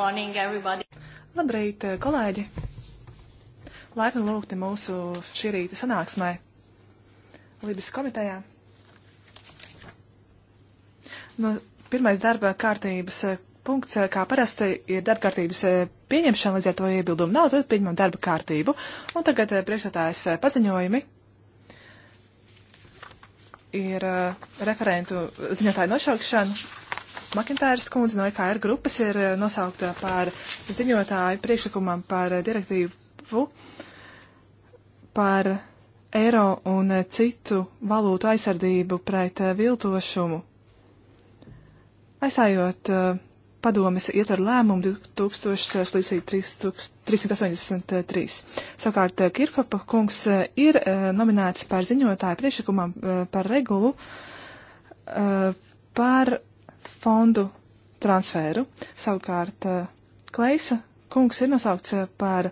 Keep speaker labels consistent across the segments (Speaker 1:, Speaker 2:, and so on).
Speaker 1: morning, everybody. Labrīt, eh, kolēģi! Laipni lūgti mūsu šī rīta sanāksmē Libijas komitejā. No nu, pirmais darba kārtības eh, punkts, eh, kā parasti, ir darba kārtības pieņemšana, līdz ar to iebildumu nav, tad pieņemam darba kārtību. Un tagad priekšsētājs paziņojumi ir referentu ziņotāju nošaukšana Makintāras kundze no EKR grupas ir eh, nosaukta par ziņotāju priekšlikumam par eh, direktīvu par eiro un eh, citu valūtu aizsardību pret viltošumu. Aizsājot padomes ietvaru lēmumu 2383. Savukārt Kirkopa kungs ir nominēts par ziņotāju priekšlikumam par regulu par fondu transferu. Savukārt eh, Kleisa kungs ir nosaukts eh, par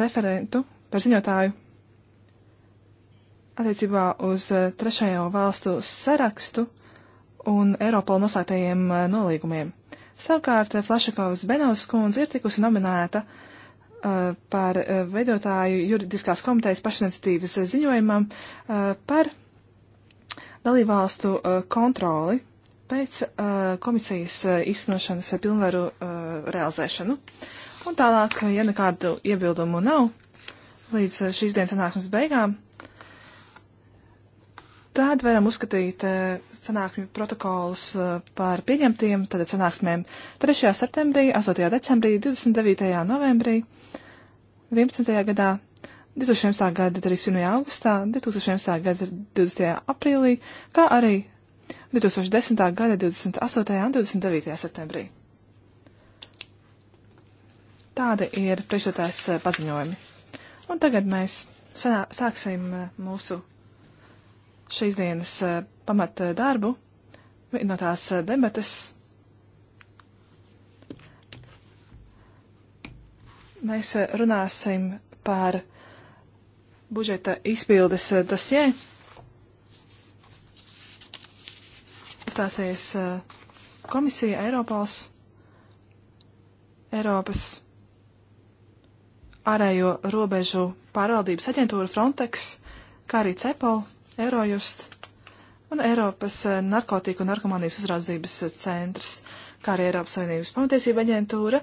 Speaker 1: referentu, par ziņotāju attiecībā uz eh, trešajo valstu sarakstu un Eiropola noslēgtajiem nolīgumiem. Savukārt Flašakovs Benovs kundze ir tikusi nominēta uh, par veidotāju juridiskās komitejas pašiniciatīvas ziņojumam uh, par dalībvalstu uh, kontroli pēc uh, komisijas uh, izsnošanas pilnvaru uh, realizēšanu. Un tālāk, ja nekādu iebildumu nav līdz uh, šīs dienas sanāksmes beigām, tad varam uzskatīt uh, sanāksmju protokolus uh, par pieņemtiem, tad sanāksmēm 3. septembrī, 8. decembrī, 29. novembrī, 11. gadā 2011. gada 31. augustā, 2011. gada 20. aprīlī, kā arī 2010. gada 28. un 29. septembrī. Tādi ir priekšstādājs eh, paziņojumi. Un tagad mēs sanā, sāksim eh, mūsu šīs dienas eh, pamat darbu no tās debates. Mēs runāsim par budžeta izpildes dosieru. iestāsies eh, komisija Eiropals, Eiropas ārējo robežu pārvaldības aģentūra Frontex, kā arī Cepal, Eurojust un Eiropas eh, narkotiku un narkomānijas uzraudzības eh, centrs, kā arī Eiropas Savienības pamatiesība aģentūra,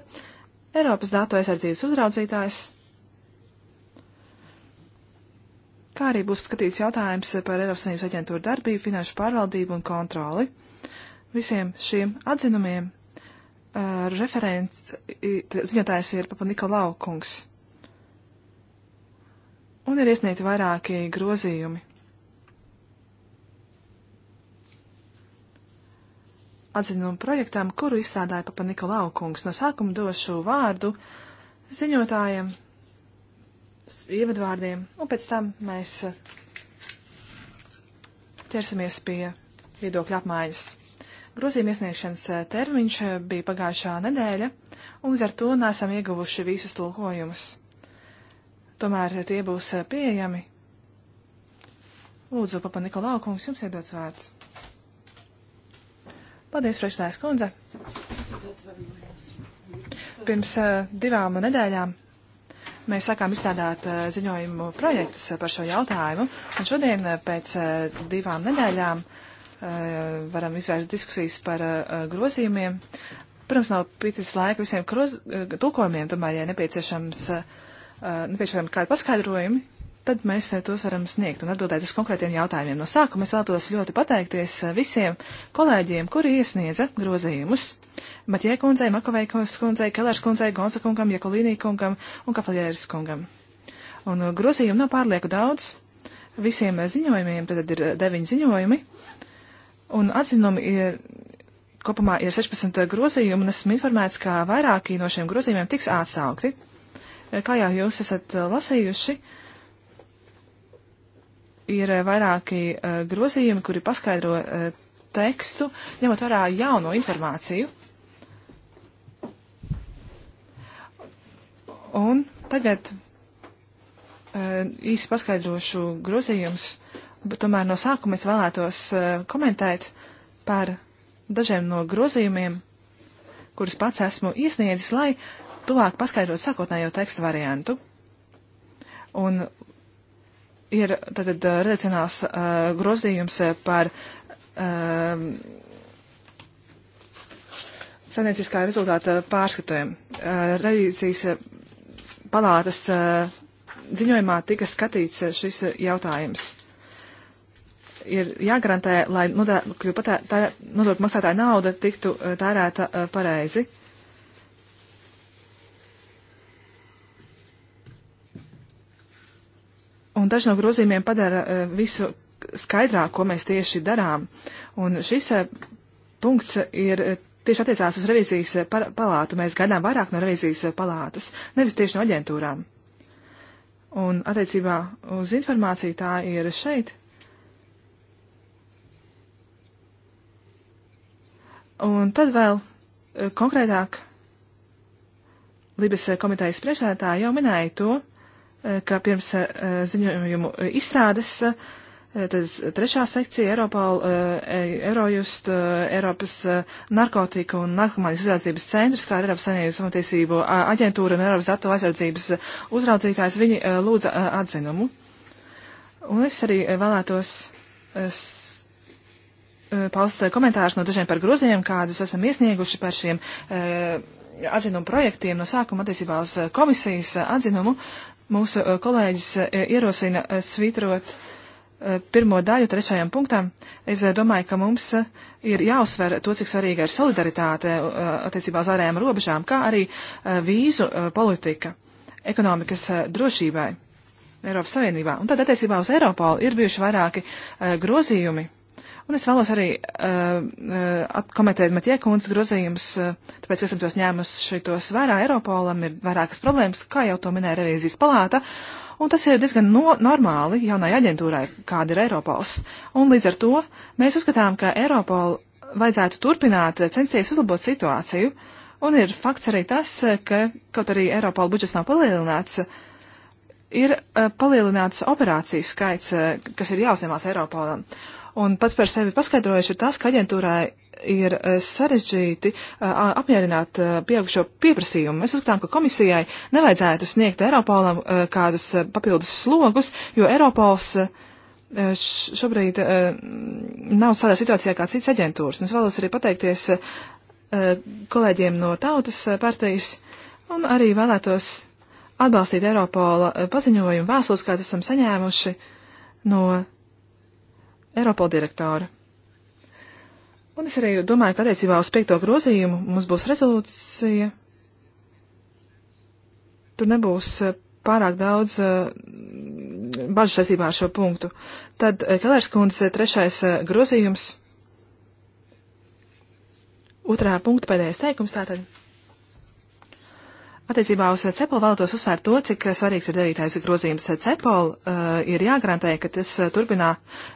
Speaker 1: Eiropas datu aizsardzības uzraudzītājs, kā arī būs skatīts jautājums par Eiropas Savienības aģentūru darbību, finanšu pārvaldību un kontroli. Visiem šiem atzinumiem uh, referents ziņotājs ir Papa Nikolau kungs. Un ir iesniegti vairāki grozījumi. Atzinumu projektām, kuru izstrādāja Papa Nikolau kungs, no sākuma došu vārdu ziņotājiem, ievadvārdiem, un pēc tam mēs ķersimies pie viedokļa apmaiņas. Grozījuma iesniegšanas eh, termiņš eh, bija pagājušā nedēļa, un līdz ar to nesam ieguvuši visus tulkojumus. Tomēr eh, tie būs pieejami. Lūdzu, papa Nikolau, kungs, jums iedots vārds. Paldies, priekšstājas kundze. Pirms divām nedēļām mēs sākām izstrādāt ziņojumu projektus par šo jautājumu, un šodien pēc divām nedēļām uh, Eh, varam izvērst diskusijas par eh, grozījumiem. Protams, nav pītis laika visiem kroz, eh, tulkojumiem, tomēr, ja nepieciešams, nepieciešams kādi paskaidrojumi, tad mēs tos varam sniegt un atbildēt uz konkrētiem jautājumiem. No sākuma es vēlos ļoti pateikties visiem kolēģiem, kuri iesniedza grozījumus. Matjē kundzei, Makovei kundzei, Kelērs kundzei, Gonsa kungam, Jekolīnī kungam un Kapalieris kungam. Un grozījumu nav pārlieku daudz. Visiem ziņojumiem tad ir deviņi ziņojumi. Un atzinumi ir kopumā ir 16 grozījumi, un esmu informēts, ka vairāki no šiem grozījumiem tiks atsaukti. E, kā jau jūs esat e, lasījuši, ir vairāki e, grozījumi, kuri paskaidro tekstu, ņemot vērā jauno informāciju. Un tagad īsi paskaidrošu grozījumus bet tomēr no sākuma es vēlētos eh, komentēt par dažiem no grozījumiem, kurus pats esmu iesniedzis, lai tuvāk paskaidrotu sākotnējo teksta variantu. Un ir tātad eh, redakcionāls uh, grozījums par uh, saimnieciskā rezultāta pārskatojumu. Uh, revīzijas palātas uh, ziņojumā tika skatīts šis jautājums ir jāgarantē, lai nodokļu nodok maksātāja nauda tiktu eh, tērēta eh, pareizi. Un daži no grozījumiem padara eh, visu skaidrāk, ko mēs tieši darām. Un šis punkts ir tieši attiecās uz revizijas palātu. Mēs gaidām vairāk no revizijas palātas, nevis tieši no aģentūrām. Un attiecībā uz informāciju tā ir šeit. Un tad vēl eh, konkrētāk Libes eh, komitejas priekšsēdētāja jau minēja to, eh, ka pirms ziņojumu izstrādes Tad trešā sekcija Eiropola, Eurojust, Eiropas narkotika un narkomānijas uzraudzības centrs, kā arī Eiropas saimnības pamatiesību aģentūra un Eiropas datu aizsardzības uzraudzītājs, viņi lūdza atzinumu. Un es arī vēlētos Eh, paust eh, komentārus no dažiem par grozījumiem, kādus esam iesnieguši par šiem eh, atzinumu projektiem no sākuma attiecībā uz komisijas atzinumu. Mūsu kolēģis ierosina svītrot pirmo daļu trešajam punktam, es domāju, ka mums ir jāuzsver to, cik svarīga ir solidaritāte attiecībā uz ārējām robežām, kā arī vīzu politika ekonomikas drošībai Eiropas Savienībā. Un tad attiecībā uz Eiropolu ir bijuši vairāki grozījumi Un es vēlos arī uh, komentēt Matiekundas grozījumus, uh, tāpēc, ka esam tos ņēmuši tos vērā. Eiropolam ir vairākas problēmas, kā jau to minēja revīzijas palāta, un tas ir diezgan no, normāli jaunai aģentūrai, kāda ir Eiropols. Un līdz ar to mēs uzskatām, ka Eiropol vajadzētu turpināt censties uzlabot situāciju, un ir fakts arī tas, ka kaut arī Eiropola budžets nav palielināts, uh, ir uh, palielināts operāciju skaits, uh, kas ir jāuzņemās Eiropolam. Un pats par sevi paskaidrojuši ir tas, ka aģentūrai ir e, sarežģīti e, apmierināt e, pieaugušo pieprasījumu. Mēs uzskatām, ka komisijai nevajadzētu sniegt Eiropolam kādus papildus slogus, jo Eiropols šobrīd nav tādā situācijā kā cits aģentūras. Un es vēlos arī pateikties kolēģiem no tautas partijas un arī vēlētos atbalstīt Eiropola paziņojumu vēstules, kādas esam saņēmuši no Eiropola direktoru. Un es arī domāju, ka attiecībā uz piekto grozījumu mums būs rezolūcija. Tur nebūs eh, pārāk daudz eh, bažu saistībā ar šo punktu. Tad eh, Kalērs kundze trešais grozījums. Otrā punkta pēdējais teikums tātad. Attiecībā uz CEPOL vēlētos uzsvērt to, cik svarīgs ir devītais grozījums. CEPOL uh, ir jāgarantē, ka tas eh, turpinā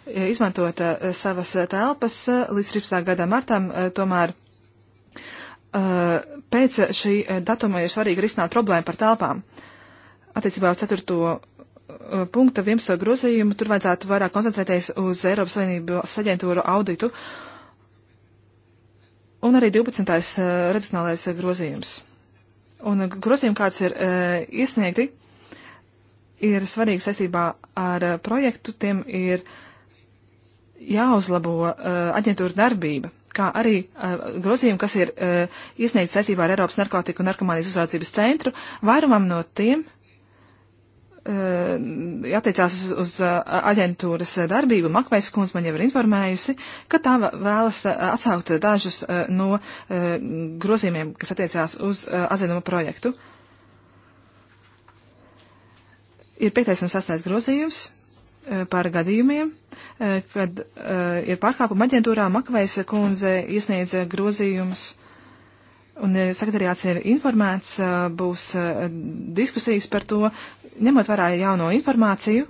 Speaker 1: eh, izmantot uh, savas telpas uh, līdz 13. gada martam, uh, tomēr uh, pēc šī datuma ir svarīgi risināt problēmu par telpām. Attiecībā uz 4. Uh, punkta 11. grozījumu tur vajadzētu vairāk koncentrēties uz Eiropas Savienības aģentūru auditu un arī 12. Uh, redakcionālais grozījums un grozījumi, kāds ir e, iesniegti, ir svarīgi saistībā ar e, projektu, tiem ir jāuzlabo e, aģentūra darbība, kā arī grozījumi, kas ir iesniegti saistībā ar Eiropas narkotiku un narkomānijas uzraudzības centru, vairumam no tiem Ehm, attiecās uz, uz aģentūras darbību, Makvejas kundze man jau ir informējusi, ka tā vēlas atsaukt dažus no e, grozījumiem, kas attiecās uz atzinumu projektu. Ir piektais un sastais grozījums e, par gadījumiem, e, kad ir pārkāpuma aģentūrā Makvejas kundze iesniedz grozījumus. Un sekretariāts ir informēts, būs diskusijas par to, ņemot vērā jauno informāciju,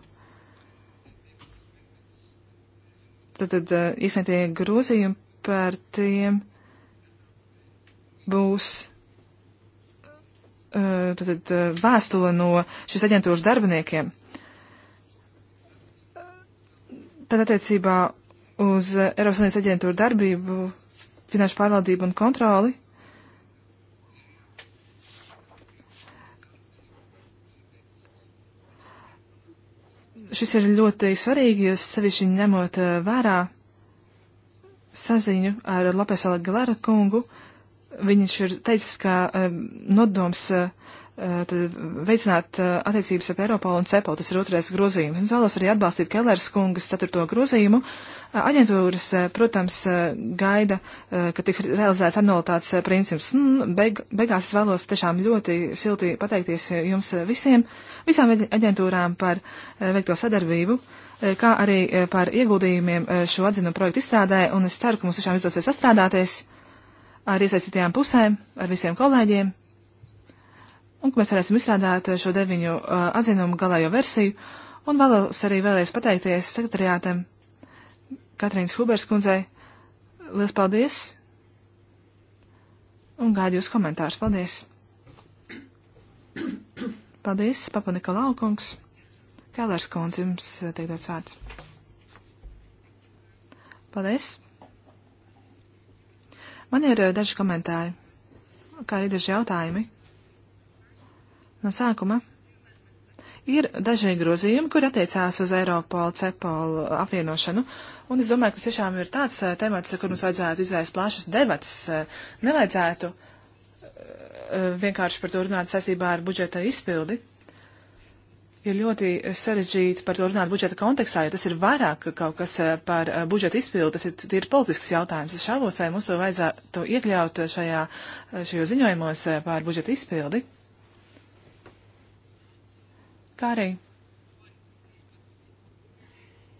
Speaker 1: tad, tad eh, iesniegtie grozījumi par tiem būs eh, tad, tad, eh, vēstule no šīs aģentūras darbiniekiem. Tad attiecībā uz Eiropas Savienības aģentūru darbību, finanšu pārvaldību un kontroli šis ir ļoti svarīgi, jo sevišķi ņemot eh, vērā saziņu ar Lopesala Galera kungu, viņš ir teicis, ka eh, nodoms uh, Eh, tad veicināt eh, attiecības ar Eiropolu un CEPOL, tas ir otrais grozījums. Un vēlos arī atbalstīt Kellers kungas ceturto grozījumu. Eh, aģentūras, protams, gaida, ka tiks realizēts anualitātes princips. Un nu, beig, beigās es vēlos tiešām ļoti silti pateikties jums visiem, visām aģentūrām par veikto sadarbību kā arī par ieguldījumiem šo atzinu projektu izstrādē, un es ceru, ka mums tiešām izdosies sastrādāties ar iesaistītajām pusēm, ar visiem kolēģiem, un ka mēs varēsim izstrādāt šo deviņu uh, atzinumu galējo versiju, un vēlos arī vēlreiz pateikties sekretariātam Katrīnas Hubers kundzei. Lielas paldies! Un gaidu jūs komentārus. Paldies! Paldies, Papa Nikolau kungs! Kēlērs kundze, jums uh, tiek dots vārds. Paldies! Man ir uh, daži komentāri, kā arī daži jautājumi no sākuma. Ir daži grozījumi, kur attiecās uz Eiropolu cepolu apvienošanu, un es domāju, ka tas tiešām ir tāds eh, temats, kur mums vajadzētu izvērst plašas debatas. Eh, nevajadzētu eh, vienkārši par to runāt saistībā ar budžeta izpildi. Ir ļoti sarežģīti par to runāt budžeta kontekstā, jo tas ir vairāk kaut kas par budžeta izpildu, tas ir, ir politisks jautājums. Es šaubos, vai mums to vajadzētu iekļaut šajā, šajos ziņojumos par budžeta izpildi kā arī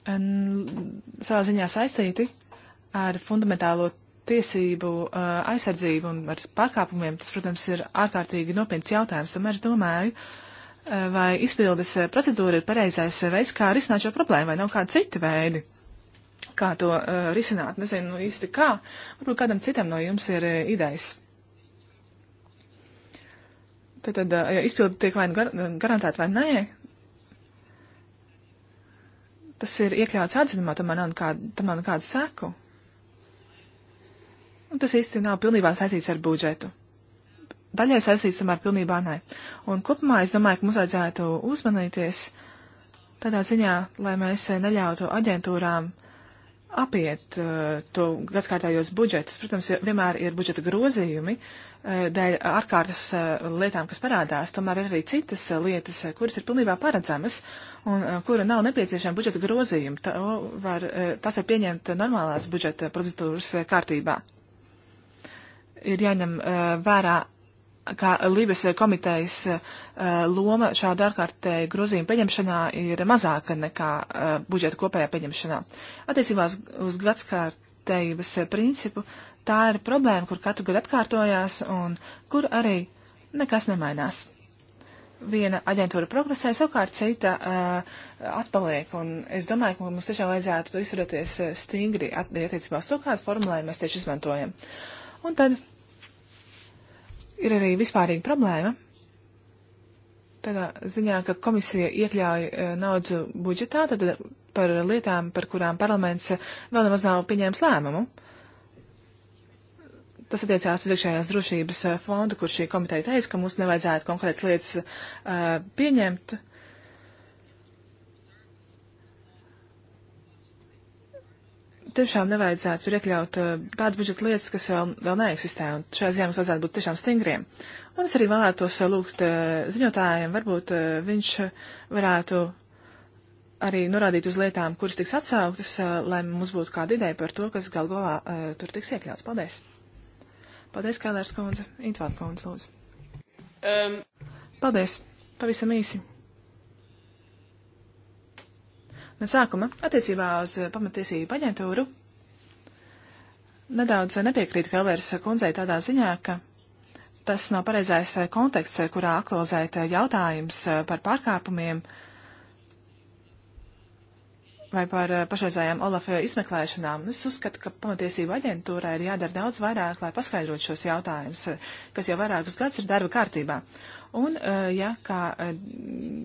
Speaker 1: savā ziņā saistīti ar fundamentālo tiesību uh, aizsardzību un ar pārkāpumiem, tas, protams, ir ārkārtīgi nopietns jautājums. Tomēr es domāju, uh, vai izpildes uh, procedūra ir pareizais veids, kā risināt šo problēmu, vai nav kādi citi veidi, kā to risināt. Nezinu īsti kā. Varbūt kādam citam no jums ir idejas. Tātad izpildi tiek vai nu gar, nu, garantēta vai nē. Tas ir iekļauts atzinumā, tomēr nav nekādu, tomēr nekādu seku. Un tas īsti nav pilnībā saistīts ar budžetu. Daļai saistīts, tomēr pilnībā nē. Un kopumā es domāju, ka mums vajadzētu uzmanīties tādā ziņā, lai mēs neļautu aģentūrām apiet uh, to gadskārtējos budžetus. Protams, vienmēr ir budžeta grozījumi, uh, Eh, dēļ ārkārtas eh, lietām, kas parādās, tomēr ir arī citas eh, lietas, kuras ir pilnībā paredzamas un kura nav nepieciešama budžeta grozījuma. Tā var, tas var pieņemt normālās budžeta procedūras kārtībā. Ir jāņem vērā, kā Lībes komitejas loma šādu ārkārtēju grozījumu pieņemšanā ir mazāka nekā budžeta kopējā pieņemšanā. Attiecībās uz gadskārt vienotības principu, tā ir problēma, kur katru gadu atkārtojās un kur arī nekas nemainās. Viena aģentūra progresē, savukārt cita uh, atpaliek, un es domāju, ka mums tiešām vajadzētu izturēties uh, stingri attiecībā uz to, kādu formulēju mēs tieši izmantojam. Un tad ir arī vispārīga problēma. Tādā ziņā, ka komisija iekļauj uh, naudu budžetā, tad par lietām, par kurām parlaments vēl nemaz nav pieņēmis lēmumu. Tas attiecās uz iekšējās drošības eh, fondu, kur šī komiteja teica, ka mums nevajadzētu konkrētas lietas uh, pieņemt. Tiešām nevajadzētu tur iekļaut uh, tādas budžeta lietas, kas vēl, vēl neeksistē, un šajā ziņā mums vajadzētu būt tiešām stingriem. Un es arī vēlētos lūgt uh, ziņotājiem, varbūt uh, viņš varētu arī norādīt uz lietām, kuras tiks atsauktas, eh, lai mums būtu kāda ideja par to, kas gal galā uh, tur tiks iekļauts. Paldies! Paldies, Kēlērs kundze, Intvārt kundze, lūdzu. Um. Paldies! Pavisam īsi. No sākuma, attiecībā uz pamatiesību aģentūru, nedaudz nepiekrītu Kēlērs kundzei tādā ziņā, ka tas nav pareizais konteksts, kurā aktualizēt jautājums par pārkāpumiem. Uh, vai par eh, pašreizējām Olafa izmeklēšanām. Es uzskatu, ka pamatiesība aģentūrai ir jādara daudz vairāk, lai paskaidrot šos jautājumus, eh, kas jau vairākus gadus ir darba kārtībā. Un, eh, ja kā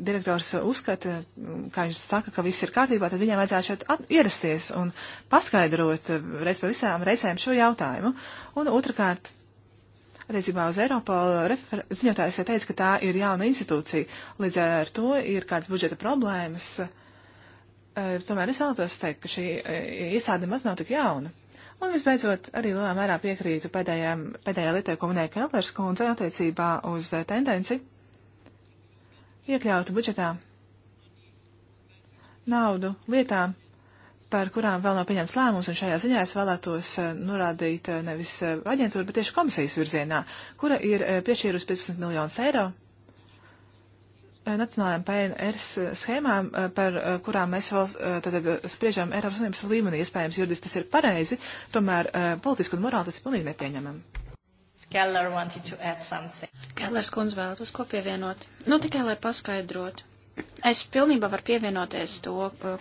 Speaker 1: direktors uzskata, mm, kā viņš saka, ka viss ir kārtībā, tad viņam vajadzētu šeit ierasties un paskaidrot reiz pa visām reizēm šo jautājumu. Un otrkārt, attiecībā uz Eiropolu ziņotājs teica, ka tā ir jauna institūcija, līdz ar to ir kāds budžeta problēmas. Uh, Eh, tomēr es vēlētos teikt, ka šī eh, iestāde maz nav tik jauna. Un visbeidzot, arī lielā mērā piekrītu pēdējā, pēdējā lietē, ko minēja Kellers kundze attiecībā uz eh, tendenci iekļautu budžetā naudu lietām, par kurām vēl nav pieņemts lēmums, un šajā ziņā es vēlētos norādīt nevis aģentūru, bet tieši komisijas virzienā, kura ir piešķīrusi 15 miljonus eiro Eh, nacionālajām PNRS eh, schēmām, eh, par kurām mēs vēl tātad, spriežām Eiropas Savienības līmenī, iespējams, juridiski tas ir pareizi, tomēr politiski un morāli tas ir pilnīgi nepieņemami.
Speaker 2: Keller wanted to add something. Kellers kundze vēlētos ko pievienot. Nu, tikai lai paskaidrotu. Es pilnībā varu pievienoties to,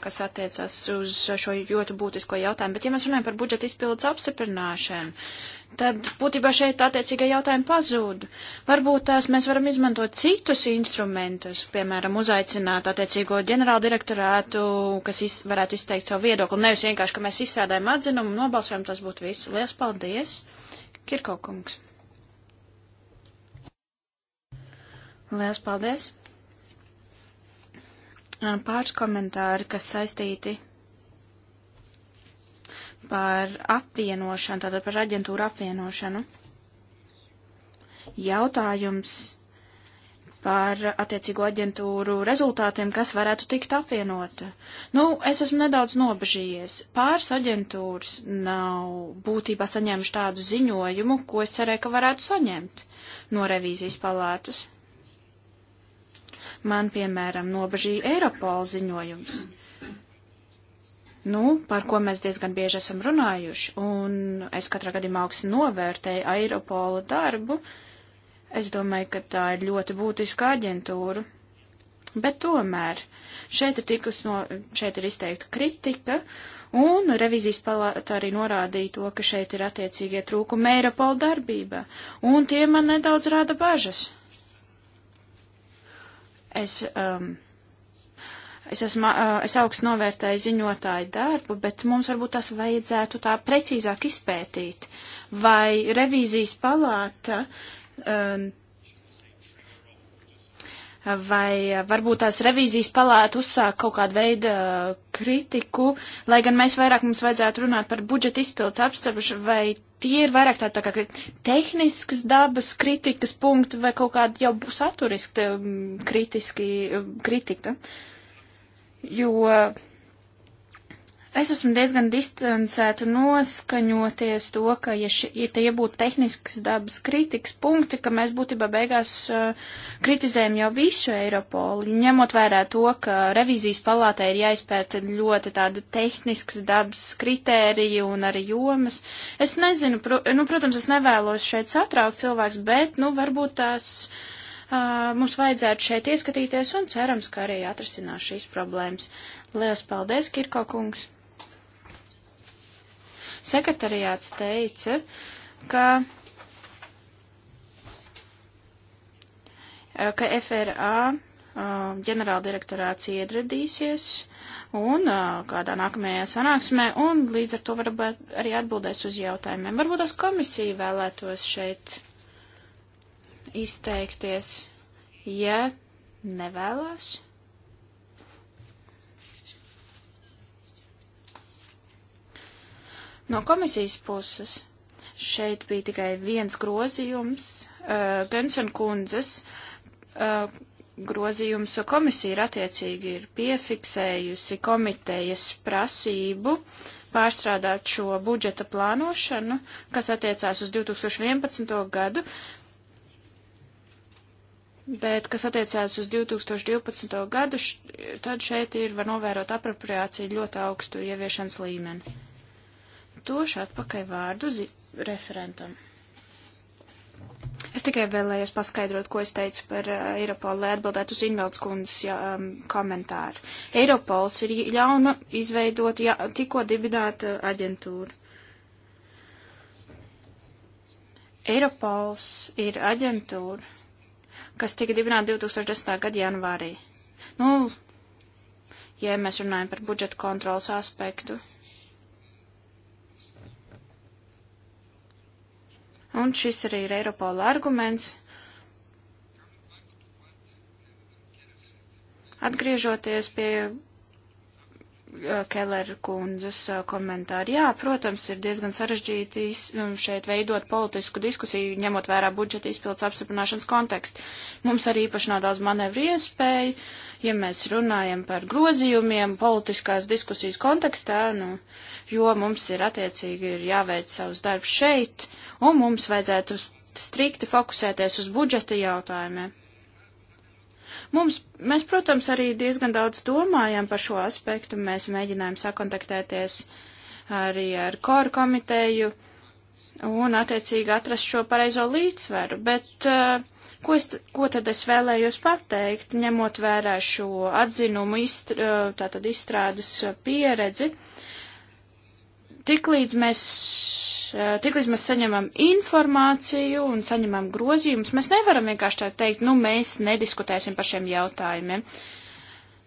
Speaker 2: kas attiecas uz šo ļoti būtisko jautājumu, bet ja mēs runājam par budžeta izpildes apstiprināšanu, tad būtībā šeit attiecīgie jautājumi pazūd. Varbūt tās mēs varam izmantot citus instrumentus, piemēram, uzaicināt attiecīgo ģenerāldirektorātu, kas iz, varētu izteikt savu viedokli. Nevis vienkārši, ka mēs izstrādājam atzinumu, nobalsojam, tas būtu viss. Lielas paldies, Kirkokungs. Lielas paldies. Pāris komentāri, kas saistīti par apvienošanu, tātad par aģentūru apvienošanu. Jautājums par attiecīgo aģentūru rezultātiem, kas varētu tikt apvienota. Nu, es esmu nedaudz nobežījies. Pāris aģentūras nav būtībā saņēmuši tādu ziņojumu, ko es cerēju, ka varētu saņemt no revīzijas palātas. Man, piemēram, nobežīja Eiropola ziņojums. Mm nu, par ko mēs diezgan bieži esam runājuši, un es katrā gadījumā augstu novērtēju Eiropola darbu. Es domāju, ka tā ir ļoti būtiska aģentūra. Bet tomēr šeit ir, tikus no, šeit ir izteikta kritika, un revizijas palāta arī norādīja to, ka šeit ir attiecīgie trūkumi Eiropola darbībā, un tie man nedaudz rāda bažas. Es um, Es, esmu, es augstu novērtēju ziņotāju darbu, bet mums varbūt tas vajadzētu tā precīzāk izpētīt. Vai revīzijas palāta vai varbūt tās revīzijas palāta uzsāk kaut kādu veidu kritiku, lai gan mēs vairāk mums vajadzētu runāt par budžeta izpildes apstākļus, vai tie ir vairāk tā, tā kā tehniskas dabas kritikas punkti vai kaut kādi jau saturiski kritiski kritika. Uh, jo es esmu diezgan distancēta noskaņoties to, ka, ja, ši, ja tie būtu tehnisks dabas kritikas punkti, ka mēs būtībā beigās uh, kritizējam jau visu Eiropolu, ņemot vērā to, ka revīzijas palātē ir jāizpēta ļoti tāda tehnisks dabas kritērija un arī jomas. Es nezinu, pro, nu, protams, es nevēlos šeit satraukt cilvēks, bet, nu, varbūt tās. Uh, mums vajadzētu šeit ieskatīties un cerams, ka arī atrasinās šīs problēmas. Lielas paldies, Kirko kungs! Sekretariāts teica, ka, ka FRA ģenerāldirektorāts iedradīsies un kādā nākamajā sanāksmē, un līdz ar to varbūt arī atbildēs uz jautājumiem. Varbūt tas komisija vēlētos šeit izteikties, ja nevēlas. No komisijas puses šeit bija tikai viens grozījums, uh, eh, Benson kundzes uh, grozījums, komisija ir attiecīgi ir piefiksējusi komitejas prasību pārstrādāt šo budžeta plānošanu, kas attiecās uz 2011. gadu, Bet, kas attiecās uz 2012. gadu, š, tad šeit ir var novērot apropriāciju ļoti augstu ieviešanas līmeni. Tošu atpakaļ vārdu zi referentam. Es tikai vēlējos paskaidrot, ko es teicu par uh, Eiropolu, lai atbildētu uz Invelds kundas ja, um, komentāru. Eiropols ir ļauna izveidot ja, tikko dibināta aģentūra. Eiropols ir aģentūra, kas tika dibināta 2010. gada janvārī. Nu, ja mēs runājam par budžeta kontrolas aspektu. Un šis arī ir Eiropola arguments. Atgriežoties pie Keller kundzes komentāri. Jā, protams, ir diezgan sarežģīti nu, šeit veidot politisku diskusiju, ņemot vērā budžeta izpildes apstiprināšanas kontekstu. Mums arī īpaši nav daudz manevru iespēju, ja mēs runājam par grozījumiem politiskās diskusijas kontekstā, nu, jo mums ir attiecīgi ir jāveic savus darbus šeit, un mums vajadzētu strikti fokusēties uz budžeta jautājumiem. Mums, mēs, protams, arī diezgan daudz domājam par šo aspektu, mēs mēģinājām sakontaktēties arī ar koru komiteju un, attiecīgi, atrast šo pareizo līdzsveru, bet eh, ko, es, ko tad es vēlējos pateikt, ņemot vērā šo atzinumu, izstr, eh, tātad izstrādes pieredzi? Uh, tiklīdz mēs, eh, tiklīdz mēs saņemam informāciju un saņemam grozījumus, mēs nevaram vienkārši tā teikt, nu, mēs nediskutēsim par šiem jautājumiem.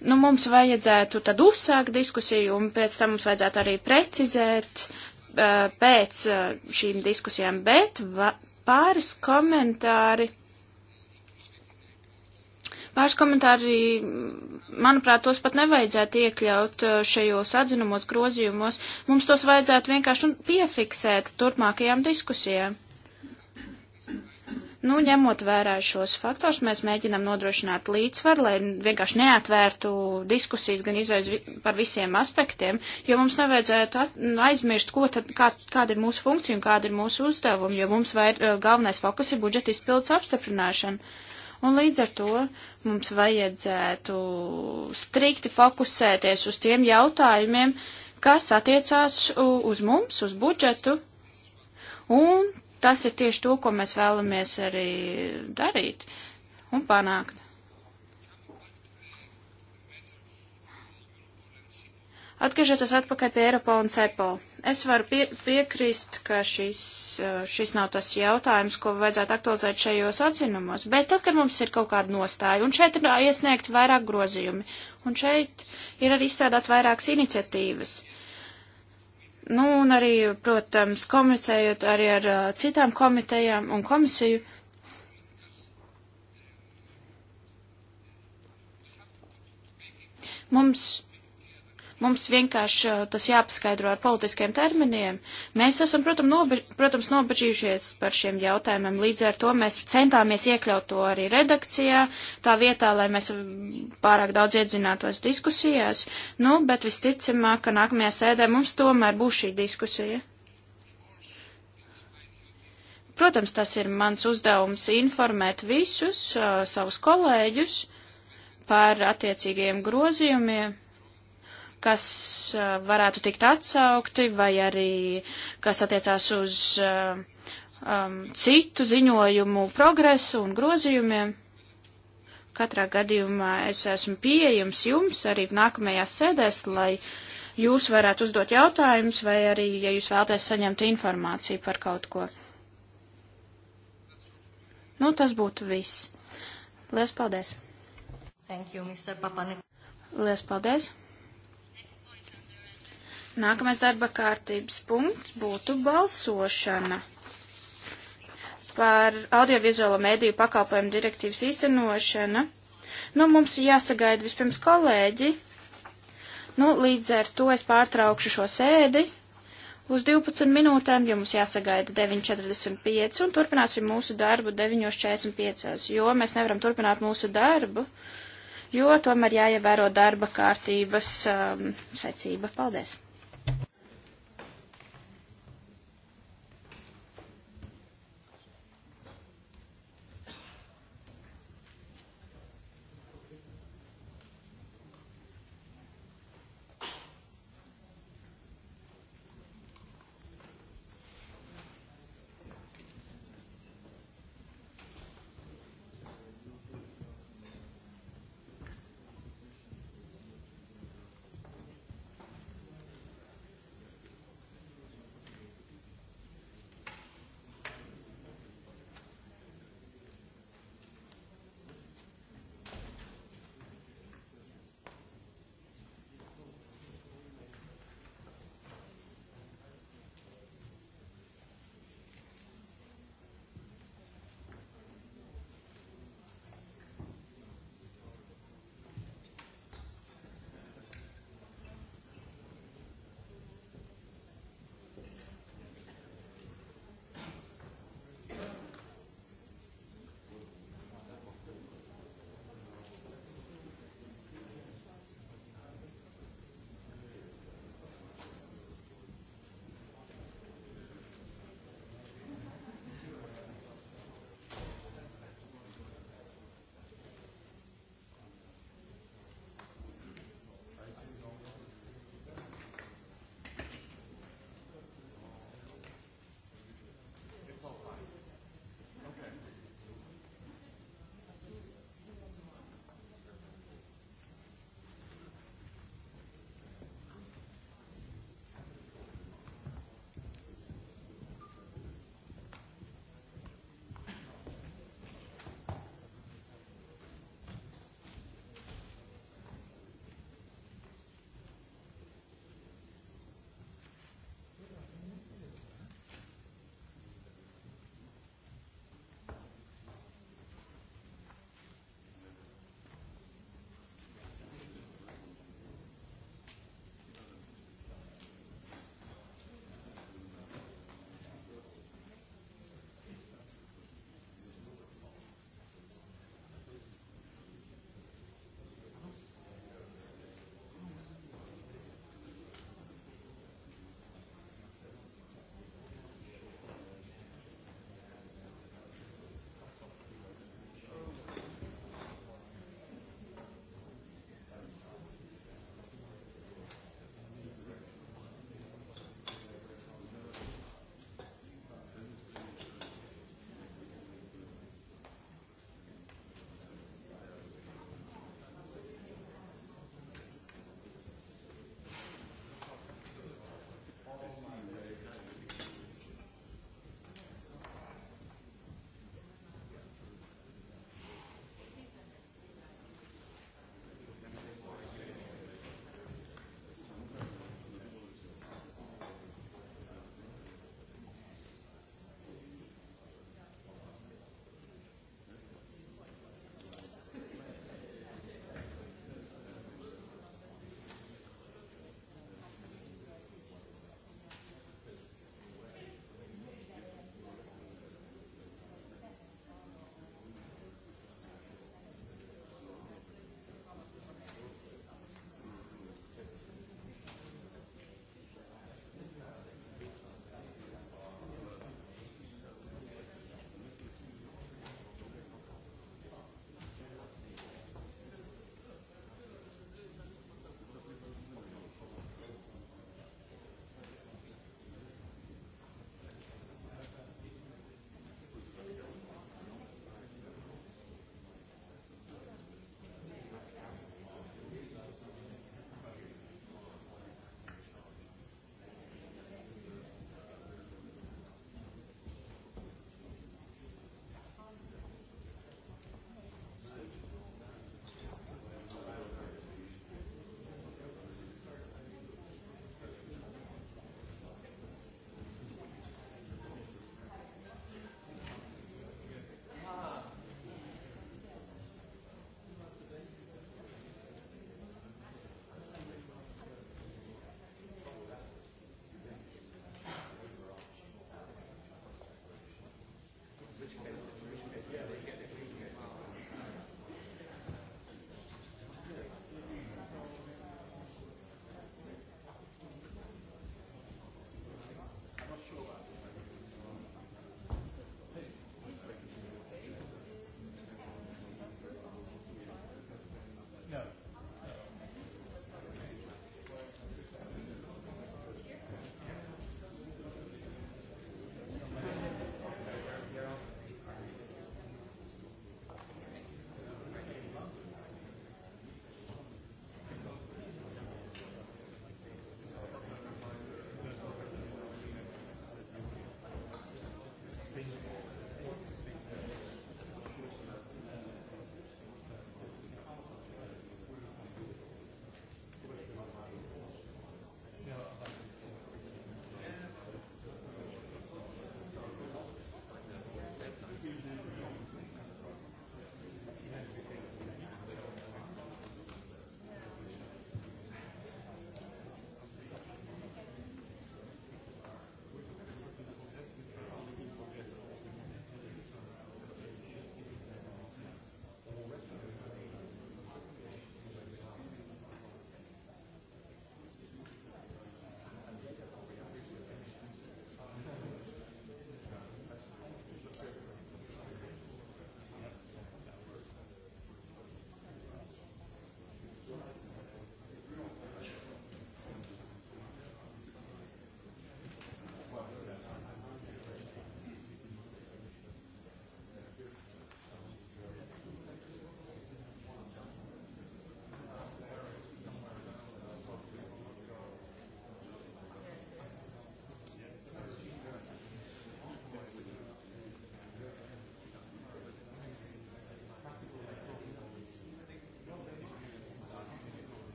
Speaker 2: Nu, mums vajadzētu tad uzsākt diskusiju un pēc tam mums vajadzētu arī precizēt eh, pēc eh, šīm diskusijām, bet va, pāris komentāri Pāris komentāri, manuprāt, tos pat nevajadzētu iekļaut uh, šajos atzinumos grozījumos. Mums tos vajadzētu vienkārši nu, piefiksēt turpmākajām diskusijām. Nu, ņemot vērā šos faktors, mēs mēģinam nodrošināt līdzsvaru, lai vienkārši neatvērtu diskusijas gan izveiz par visiem aspektiem, jo mums nevajadzētu at, nu, aizmirst, ko tad, kā, kāda ir mūsu funkcija un kāda ir mūsu uzdevuma, jo mums vair, uh, galvenais fokus ir budžeta izpildes apstiprināšana. Un līdz ar to mums vajadzētu strikti fokusēties uz tiem jautājumiem, kas attiecās uz mums, uz budžetu. Un tas ir tieši to, ko mēs vēlamies arī darīt un panākt. Atgriežoties atpakaļ pie Eiropa un CEPO, es varu pie, piekrist, ka šis, uh, šis nav tas jautājums, ko vajadzētu aktualizēt šajos atzinumos, bet tad, kad mums ir kaut kāda nostāja, un šeit ir iesniegt vairāk grozījumi, un šeit ir arī izstrādāts vairākas iniciatīvas. Nu, un arī, protams, komunicējot arī ar uh, citām komitejām un komisiju, mums Mums vienkārši eh, tas jāpaskaidro ar politiskiem terminiem. Mēs esam, protams, nobe, protams nobežījušies par šiem jautājumiem. Līdz ar to mēs centāmies iekļaut to arī redakcijā, tā vietā, lai mēs mm, pārāk daudz iedzinātos diskusijās. Nu, bet visticamāk, ka nākamajā sēdē mums tomēr būs šī diskusija. Protams, tas ir mans uzdevums informēt visus uh, savus kolēģus par attiecīgajiem grozījumiem kas varētu tikt atsaukti, vai arī kas attiecās uz um, citu ziņojumu progresu un grozījumiem. Katrā gadījumā es esmu pieejams jums arī nākamajās sēdēs, lai jūs varētu uzdot jautājumus, vai arī, ja jūs vēlaties saņemt informāciju par kaut ko. Nu, tas būtu viss. Lielas paldies! Thank you, Mr. Papanik. Lielas paldies! Nākamais darba kārtības punkts būtu balsošana par audiovizuālo mediju pakalpojumu direktīvas īstenošana. Nu, mums jāsagaida vispirms kolēģi. Nu, līdz ar to es pārtraukšu šo sēdi uz 12 minūtēm, jo mums jāsagaida 9.45 un turpināsim mūsu darbu 9.45, jo mēs nevaram turpināt mūsu darbu, jo tomēr jāievēro darba kārtības um, secība. Paldies!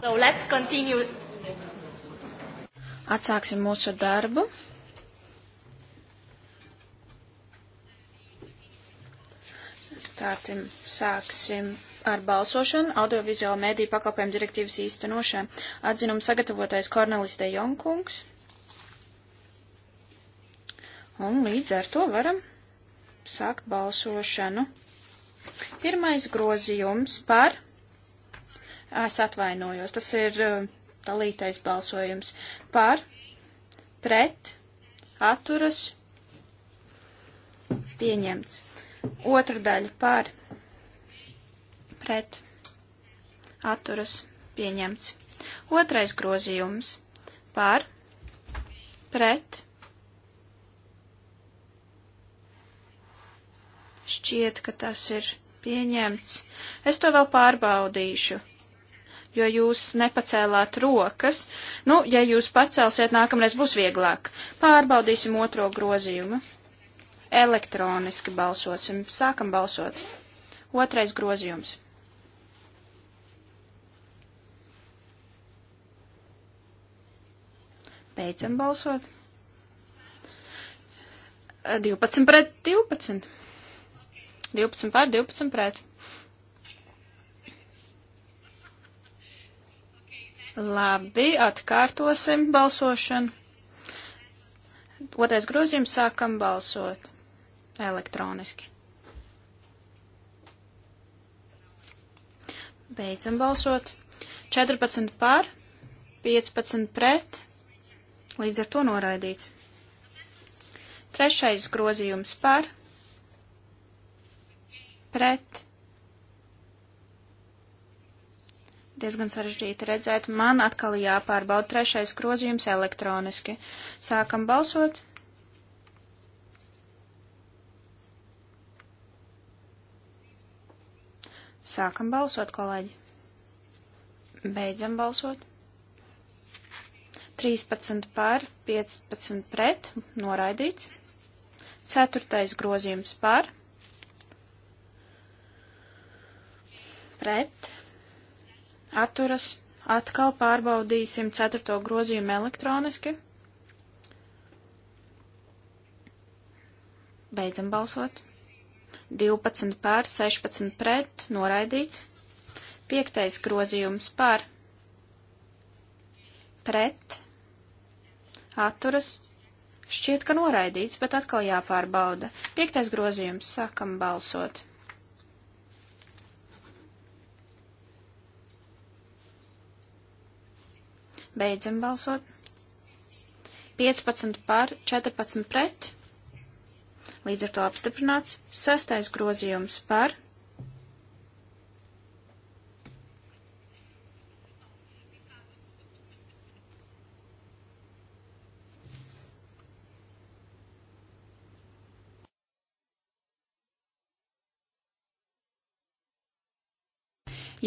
Speaker 3: So let's continue.
Speaker 2: Atsāksim mūsu darbu. Tātad sāksim ar balsošanu audiovizuāla mediju pakalpojumu direktīvas īstenošanu. Atzinums sagatavotais Kornelis de Jonkungs. Un līdz ar to varam sākt balsošanu. Pirmais grozījums par Es atvainojos, tas ir um, dalītais balsojums par, pret, atturas, pieņemts. Otra daļa par, pret, atturas, pieņemts. Otrais grozījums par, pret, šķiet, ka tas ir pieņemts. Es to vēl pārbaudīšu jo jūs nepacēlāt rokas. Nu, ja jūs pacelsiet, nākamreiz būs vieglāk. Pārbaudīsim otro grozījumu. Elektroniski balsosim. Sākam balsot. Otrais grozījums. Beidzam balsot. 12 pret 12. 12 pār 12 pret. Labi, atkārtosim balsošanu. Otrais grozījums sākam balsot elektroniski. Beidzam balsot. 14 par, 15 pret, līdz ar to noraidīts. Trešais grozījums par, pret, diezgan sarežģīti redzēt. Man atkal jāpārbauda trešais grozījums elektroniski. Sākam balsot. Sākam balsot, kolēģi. Beidzam balsot. 13 par, 15 pret, noraidīts. Ceturtais grozījums par, pret, atturas. Atkal pārbaudīsim ceturto grozījumu elektroniski. Beidzam balsot. 12 pār, 16 pret, noraidīts. Piektais grozījums pār, pret, atturas. Šķiet, ka noraidīts, bet atkal jāpārbauda. Piektais grozījums, sākam balsot. Beidzam balsot. 15 par, 14 pret. Līdz ar to apstiprināts. Sastais grozījums par.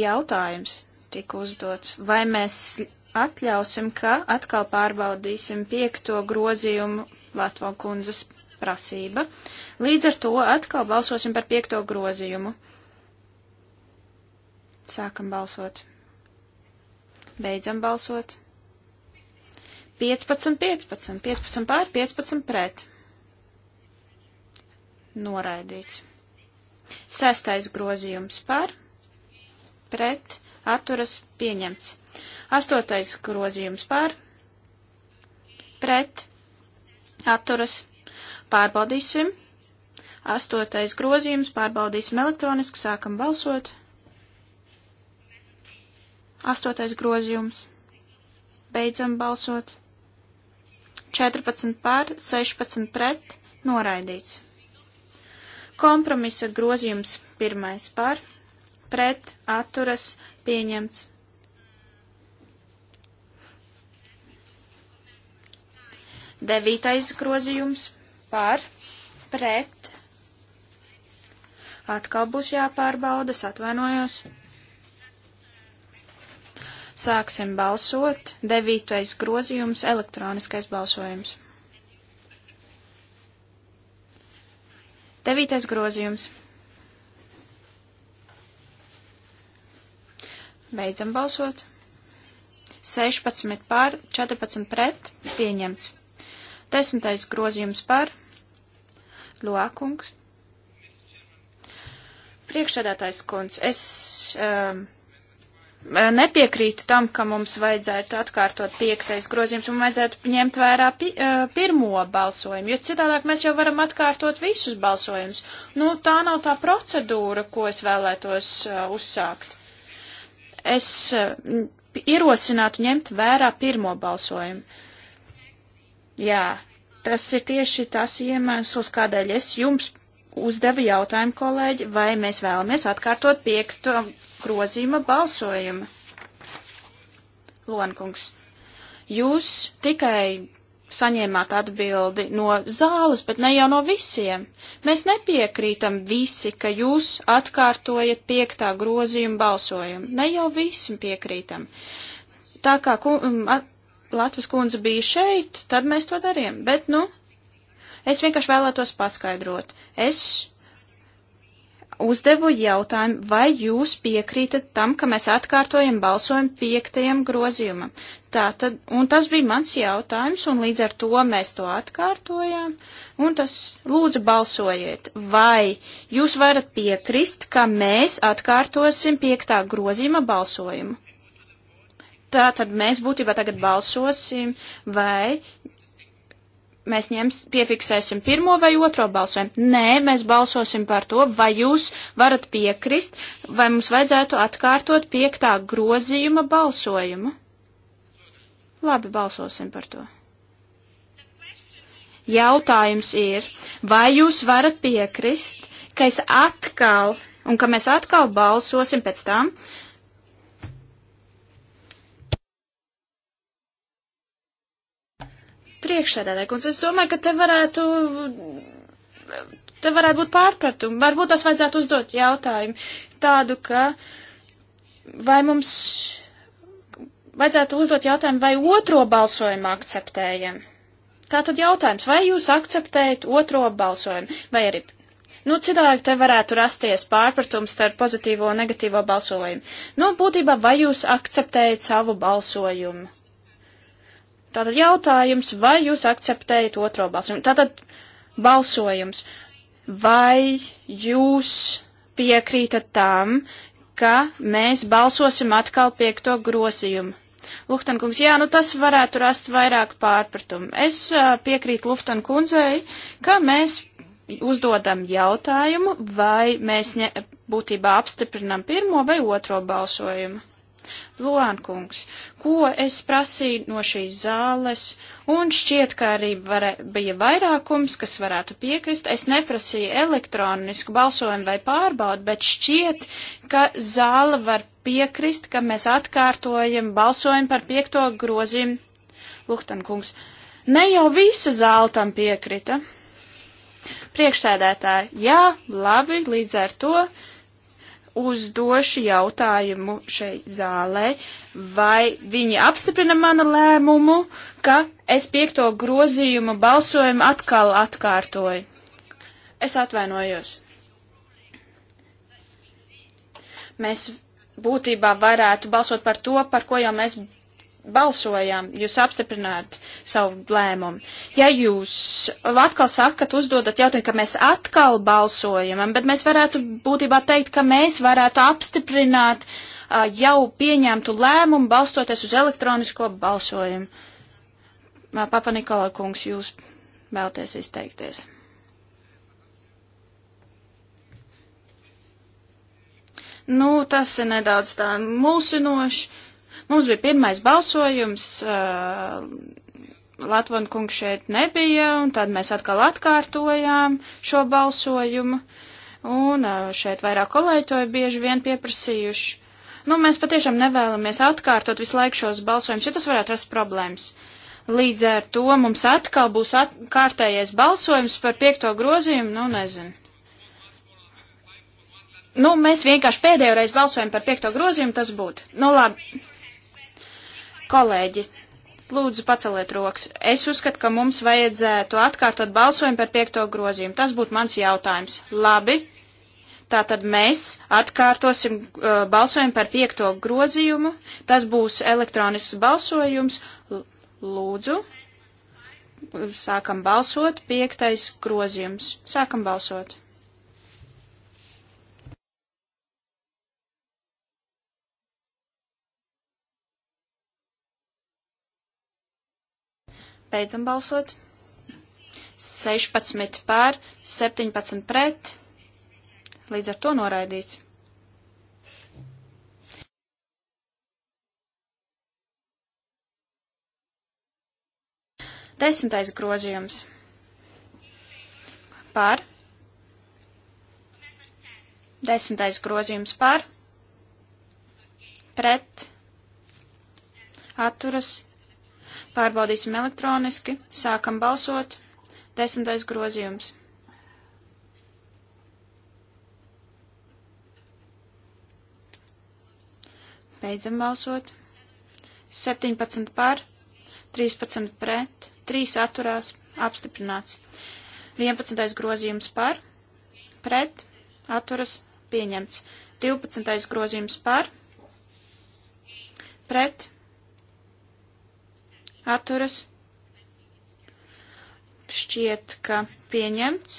Speaker 2: Jautājums tika uzdots, vai mēs atļausim, ka atkal pārbaudīsim piekto grozījumu Latvijas kundzes prasība. Līdz ar to atkal balsosim par piekto grozījumu. Sākam balsot. Beidzam balsot. 15, 15, 15 pār, 15 pret. Noraidīts. Sestais grozījums par pret, atturas pieņemts. Astotais grozījums par, pret, atturas pārbaudīsim. Astotais grozījums pārbaudīsim elektroniski, sākam balsot. Astotais grozījums. Beidzam balsot. 14 pār, 16 pret, noraidīts. Kompromisa grozījums pirmais pār pret atturas pieņemts. Devītais grozījums par pret. Atkal būs jāpārbaudas, atvainojos. Sāksim balsot. Devītais grozījums - elektroniskais balsojums. Devītais grozījums - Beidzam balsot. 16 pār, 14 pret, pieņemts. Desmitais grozījums par Loakungs. Priekšsēdētājs kundz, es um, nepiekrītu tam, ka mums vajadzētu atkārtot piektais grozījums un vajadzētu ņemt vērā pi, uh, pirmo balsojumu, jo citādāk mēs jau varam atkārtot visus balsojumus. Nu, tā nav tā procedūra, ko es vēlētos uh, uzsākt es eh, ierosinātu ņemt vērā pirmo balsojumu. Jā, tas ir tieši tas iemesls, kādēļ es jums uzdevu jautājumu, kolēģi, vai mēs vēlamies atkārtot piekto grozījuma balsojumu. Lonkungs, jūs tikai saņēmāt atbildi no zāles, bet ne jau no visiem. Mēs nepiekrītam visi, ka jūs atkārtojat piektā grozījuma balsojumu. Ne jau visim piekrītam. Tā kā um, Latvijas kundze bija šeit, tad mēs to darījām. Bet, nu, es vienkārši vēlētos paskaidrot. Es uzdevu jautājumu, vai jūs piekrītat tam, ka mēs atkārtojam balsojumu piektajam grozījumam. Tātad, un tas bija mans jautājums, un līdz ar to mēs to atkārtojām, un tas lūdzu balsojiet, vai jūs varat piekrist, ka mēs atkārtosim piektā grozījuma balsojumu. Tātad mēs būtībā tagad balsosim, vai mēs ņems, piefiksēsim pirmo vai otro balsojumu. Nē, mēs balsosim par to, vai jūs varat piekrist, vai mums vajadzētu atkārtot piektā grozījuma balsojumu. Labi, balsosim par to. Jautājums ir, vai jūs varat piekrist, ka es atkal, un ka mēs atkal balsosim pēc tam, uh, Priekšsēdētāji, kungs, es domāju, ka te varētu, te varētu būt pārpratumi. Varbūt tas vajadzētu uzdot jautājumu tādu, ka vai mums vajadzētu uzdot jautājumu, vai otro balsojumu akceptējam. Tātad jautājums, vai jūs akceptējat otro balsojumu, vai arī Nu, citādi te varētu rasties pārpratums starp pozitīvo un negatīvo balsojumu. Nu, būtībā vai jūs akceptējat savu balsojumu? Tātad jautājums, vai jūs akceptējat otro balsojumu? Tātad balsojums, vai jūs piekrītat tam, ka mēs balsosim atkal piekto grozījumu? Luftankungs, jā, nu tas varētu rast vairāk pārpratumu. Es uh, piekrītu Luftankundzei, ka mēs uzdodam jautājumu, vai mēs ne, būtībā apstiprinam pirmo vai otro balsojumu. Luankungs, ko es prasīju no šīs zāles, un šķiet, ka arī varē, bija vairākums, kas varētu piekrist. Es neprasīju elektronisku balsojumu vai pārbaudu, bet šķiet, ka zāle var piekrist, ka mēs atkārtojam balsojumu par piekto grozījumu. Luhtankungs, ne jau visa zāle tam piekrita. Priekšsēdētāji, jā, labi, līdz ar to uzdošu jautājumu šai zālē, vai viņi apstiprina manu lēmumu, ka es piekto grozījumu balsojumu atkal atkārtoju. Es atvainojos. Mēs būtībā varētu balsot par to, par ko jau mēs balsojām, jūs apstiprināt savu lēmumu. Ja jūs atkal sakat, uzdodat jautājumu, ka mēs atkal balsojam, bet mēs varētu būtībā teikt, ka mēs varētu apstiprināt uh, jau pieņemtu lēmumu balstoties uz elektronisko balsojumu. Papa Nikolai kungs, jūs vēlties izteikties. Nu, tas ir nedaudz tā mulsinoši Mums bija pirmais balsojums, uh, Latvon kungs šeit nebija, un tad mēs atkal atkārtojām šo balsojumu, un uh, šeit vairāk kolēģi to ir bieži vien pieprasījuši. Nu, mēs patiešām nevēlamies atkārtot visu laiku šos balsojumus, jo tas varētu rast problēmas. Līdz ar to mums atkal būs at kārtējais balsojums par piekto grozījumu, nu, nezinu. Nu, mēs vienkārši pēdējo reizi balsojam par piekto grozījumu, tas būtu. Nu, labi. Kolēģi, lūdzu paceliet rokas. Es uzskatu, ka mums vajadzētu atkārtot balsojumu par piekto grozījumu. Tas būtu mans jautājums. Labi. Tātad mēs atkārtosim uh, balsojumu par piekto grozījumu. Tas būs elektronisks balsojums. Lūdzu. Sākam balsot. Piektais grozījums. Sākam balsot. Beidzam balsot. 16 pār, 17 pret. Līdz ar to noraidīts. Desmitais grozījums. Par. Desmitais grozījums par. Pret. Atturas. Pārbaudīsim elektroniski. Sākam balsot. Desmitais grozījums. Beidzam balsot. 17 par, 13 pret, 3 atturās, apstiprināts. 11. grozījums par, pret, atturas, pieņemts. 12. grozījums par, pret, atturas. Šķiet, ka pieņemts.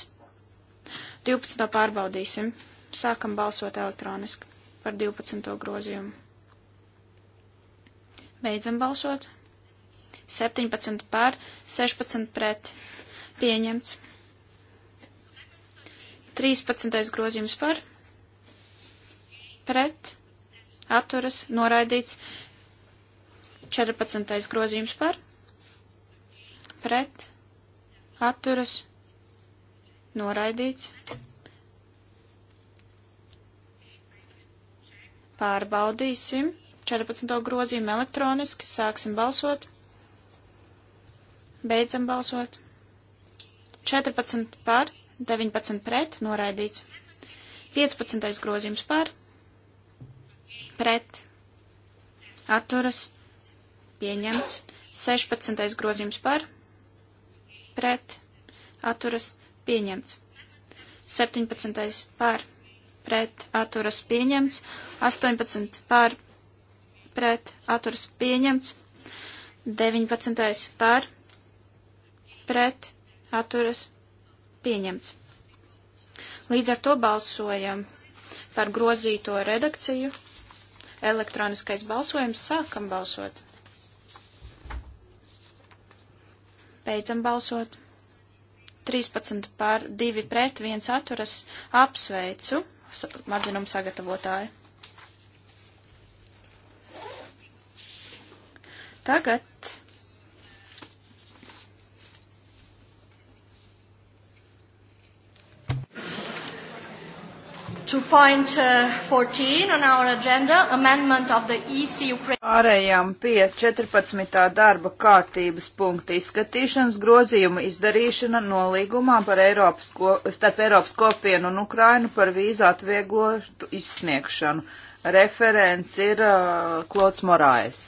Speaker 2: 12. pārbaudīsim. Sākam balsot elektroniski par 12. grozījumu. Beidzam balsot. 17 pār, 16 pret. Pieņemts. 13. grozījums par. Pret. Atturas. Noraidīts. 14. grozījums par pret atturas noraidīts. Pārbaudīsim 14. grozījumu elektroniski, sāksim balsot, beidzam balsot. 14 par, 19 pret, noraidīts. 15. grozījums par, pret, atturas, pieņemts. 16. grozījums par, pret, atturas, pieņemts. 17. par, pret, atturas, pieņemts. 18. par, pret, atturas, pieņemts. 19. par, pret, atturas, pieņemts. Līdz ar to balsojam par grozīto redakciju. Elektroniskais balsojums sākam balsot. Beidzam balsot. 13 pār 2 pret 1 atturas apsveicu atzinumu sagatavotāju. Tagad to point uh, 14 on our
Speaker 3: agenda, amendment of the EC Ukraine. Pārējām pie 14. darba kārtības punkta izskatīšanas grozījuma izdarīšana nolīgumā par Eiropas, ko, starp Eiropas kopienu un Ukrainu par vīzu atvieglotu izsniegšanu. Referents ir uh, Klots Morais.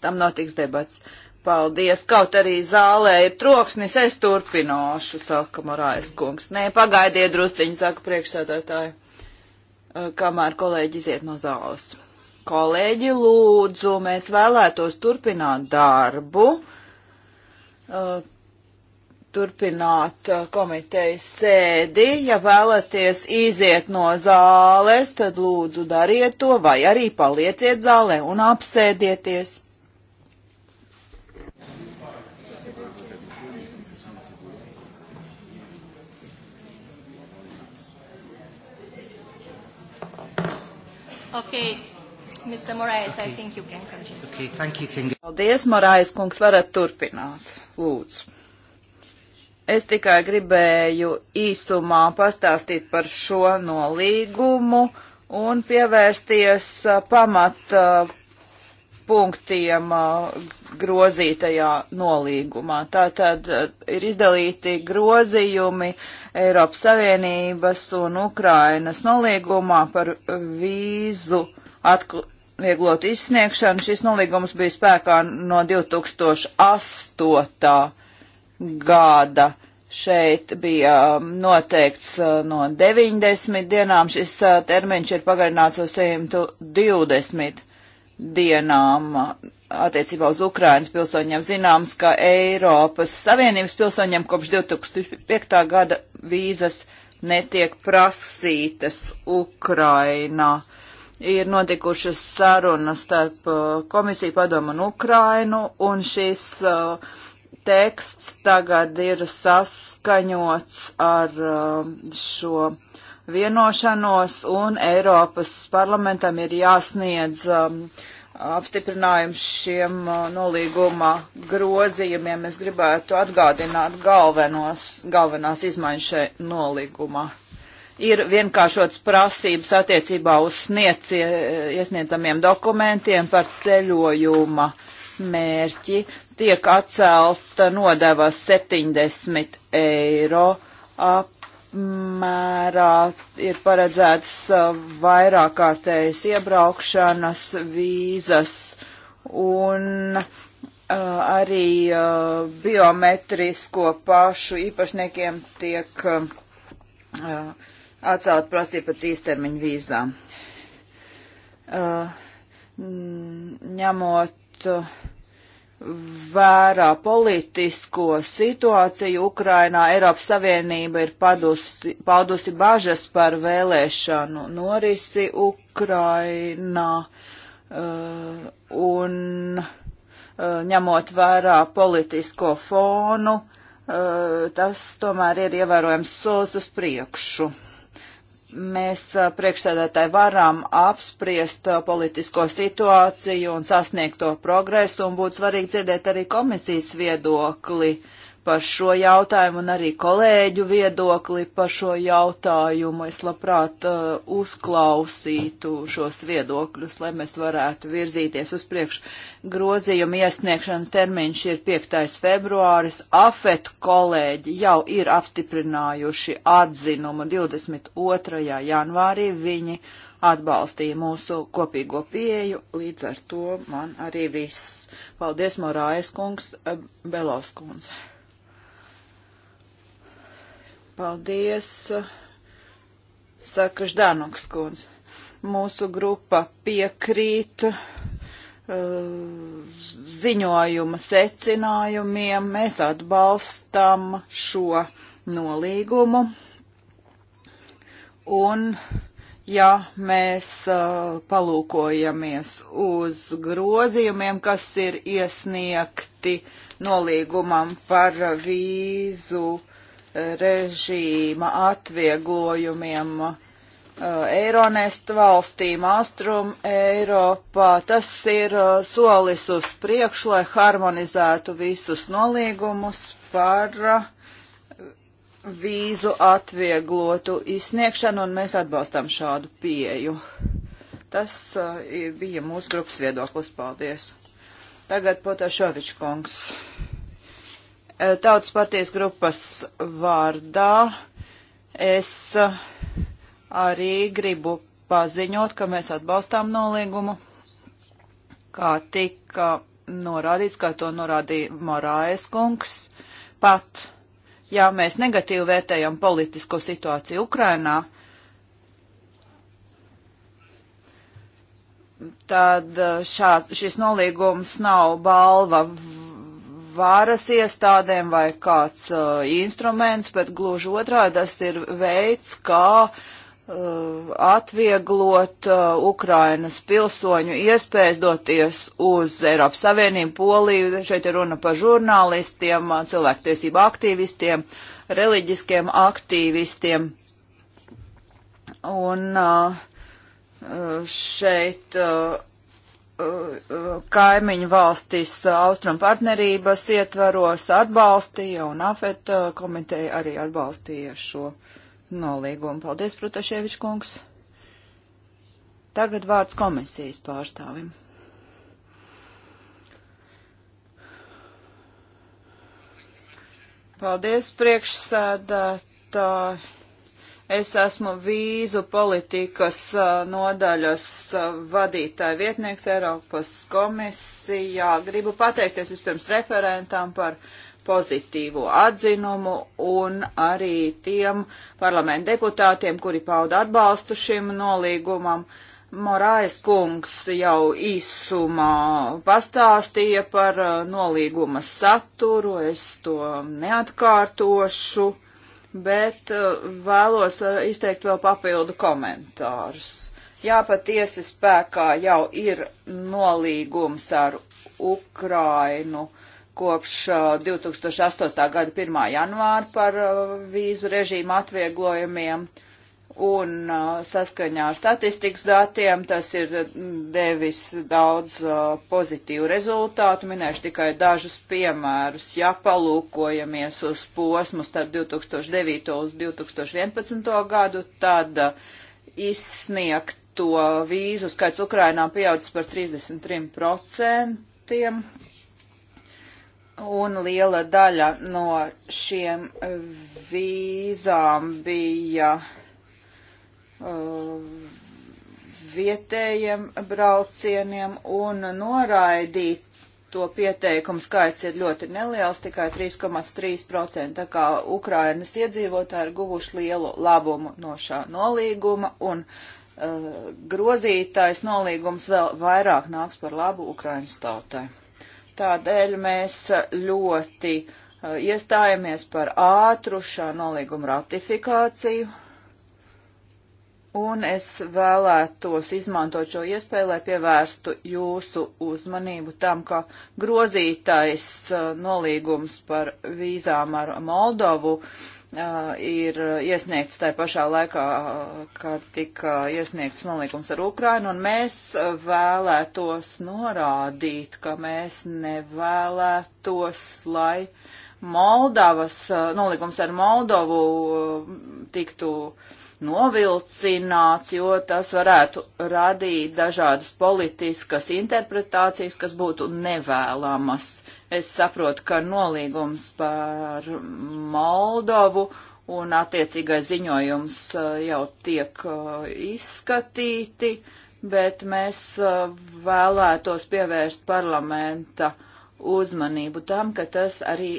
Speaker 3: Tam notiks debats. Paldies, kaut arī zālē ir troksnis, es turpināšu, saka Morājas kungs. Nē, pagaidiet drusciņi, saka priekšsēdētāji. Eh, kamēr kolēģi iziet no zāles. Kolēģi, lūdzu, mēs vēlētos turpināt darbu, eh, turpināt eh, komitejas sēdi. Ja vēlaties iziet no zāles, tad lūdzu dariet to, vai arī palieciet zālē un apsēdieties.
Speaker 2: Okay. Mr. Morais, okay. I think you can continue.
Speaker 3: Okay, thank you, King. Paldies, Morais kungs, varat turpināt. Lūdzu. Es tikai gribēju īsumā pastāstīt par šo nolīgumu un pievērsties uh, pamata uh, punktiem grozītajā nolīgumā. Tātad ir izdalīti grozījumi Eiropas Savienības un Ukrainas nolīgumā par vīzu atvieglotu izsniegšanu. Šis nolīgums bija spēkā no 2008. gada. Šeit bija noteikts no 90 dienām, šis termiņš ir pagarināts uz 120 dienām attiecībā uz Ukrainas pilsoņiem zināms, ka Eiropas Savienības pilsoņiem kopš 2005. gada vīzas netiek prasītas Ukrainā. Ir notikušas sarunas starp komisiju padomu un Ukrainu, un šis uh, teksts tagad ir saskaņots ar uh, šo vienošanos un Eiropas parlamentam ir jāsniedz um, apstiprinājums šiem uh, nolīguma grozījumiem. Es gribētu atgādināt galvenos, galvenās izmaiņas šeit nolīgumā ir vienkāršots prasības attiecībā uz sniedz, iesniedzamiem dokumentiem par ceļojuma mērķi. Tiek atcelta nodevas 70 eiro ap mērā ir paredzēts uh, vairāk kārtējas iebraukšanas vīzas un uh, arī uh, biometrisko pašu īpašniekiem tiek atcelt prasība pēc īstermiņa vīzām. Ņemot uh, vērā politisko situāciju Ukrainā, Eiropas Savienība ir padusi, paudusi bažas par vēlēšanu norisi Ukrainā uh, un uh, ņemot vērā politisko fonu, uh, tas tomēr ir ievērojams solis uz priekšu mēs priekšsēdētāji varam apspriest politisko situāciju un sasniegto progresu un būtu svarīgi dzirdēt arī komisijas viedokli. Uh, par šo jautājumu un arī kolēģu viedokli par šo jautājumu. Es labprāt uh, uzklausītu šos viedokļus, lai mēs varētu virzīties uz priekšu. Grozījuma iesniegšanas termiņš ir 5. februāris. Afetu kolēģi jau ir apstiprinājuši atzinumu 22. janvārī. Viņi atbalstīja mūsu kopīgo pieeju, līdz ar to man arī viss. Paldies, Morājas kungs, Belovs kundze. Paldies, saka Ždanuks kundze. Mūsu grupa piekrīt eh, ziņojuma secinājumiem. Mēs atbalstam šo nolīgumu. Un, ja mēs uh, palūkojamies uz grozījumiem, kas ir iesniegti nolīgumam par vīzu uh, režīma atvieglojumiem uh, Eironest valstīm Austrum Eiropā. Tas ir uh, solis uz priekšu, lai harmonizētu visus nolīgumus par uh, vīzu atvieglotu izsniegšanu, un mēs atbalstam šādu pieju. Tas bija mūsu grupas viedoklis. Paldies! Tagad Potašovičs kungs. Eh, Tautas partijas grupas vārdā es eh, arī gribu paziņot, ka mēs atbalstām nolīgumu, kā tika norādīts, kā to norādīja Morājas kungs. Pat, ja mēs negatīvi vērtējam politisko situāciju Ukrainā, tad eh, šā, šis nolīgums nav balva varas iestādēm vai kāds uh, instruments, bet gluži otrādi tas ir veids, kā uh, atvieglot uh, Ukrainas pilsoņu iespējas doties uz Eiropas Savienību, Poliju. Šeit ir runa par žurnālistiem, uh, cilvēktiesību aktīvistiem, reliģiskiem aktīvistiem. Un uh, uh šeit uh, kaimiņu valstis austrum partnerības ietvaros atbalstīja un AFET uh, komiteja arī atbalstīja šo nolīgumu. Paldies, Prutaševičs kungs. Tagad vārds komisijas pārstāvim. Paldies, priekšsēdētāji. Es esmu vīzu politikas nodaļas vadītāja vietnieks Eiropas komisijā. Gribu pateikties vispirms referentam par pozitīvu atzinumu un arī tiem parlamentu deputātiem, kuri pauda atbalstu šim nolīgumam. Morājas kungs jau īsumā pastāstīja par nolīguma saturu, es to neatkārtošu bet uh, vēlos uh, izteikt vēl papildu komentārus. Jā, patiesi spēkā jau ir nolīgums ar Ukrainu kopš 2008. Uh, gada 1. janvāra par vīzu režīmu atvieglojumiem. Uh, un saskaņā ar statistikas datiem tas ir devis daudz pozitīvu rezultātu. Minēšu tikai dažus piemērus. Ja palūkojamies uz posmu starp 2009 un 2011 gadu, tad izsniegto vīzu skaits Ukrainā pieaudzis par 33%. Un liela daļa no šiem vīzām bija uh, Uh, vietējiem braucieniem un noraidīt to pieteikumu skaits ir ļoti neliels, tikai 3,3%. Tā kā Ukrainas iedzīvotāji ir guvuši lielu labumu no šā nolīguma un uh, grozītais nolīgums vēl vairāk nāks par labu Ukrainas tautai. Tādēļ mēs ļoti uh, iestājamies par ātru šā nolīguma ratifikāciju, Un es vēlētos izmantot šo iespēju, lai pievērstu jūsu uzmanību tam, ka grozītais uh, nolīgums par vīzām ar Moldovu uh, ir iesniegts tajā pašā laikā, uh, kad tika iesniegts nolīgums ar Ukrainu, un mēs vēlētos norādīt, ka mēs nevēlētos, lai Moldavas nolīgums ar Moldovu tiktu uh, novilcināts, jo tas varētu radīt dažādas politiskas interpretācijas, kas būtu nevēlamas. Es saprotu, ka nolīgums par Moldovu un attiecīgais ziņojums uh, jau tiek uh, izskatīti, bet mēs uh, vēlētos pievērst parlamenta uzmanību tam, ka tas arī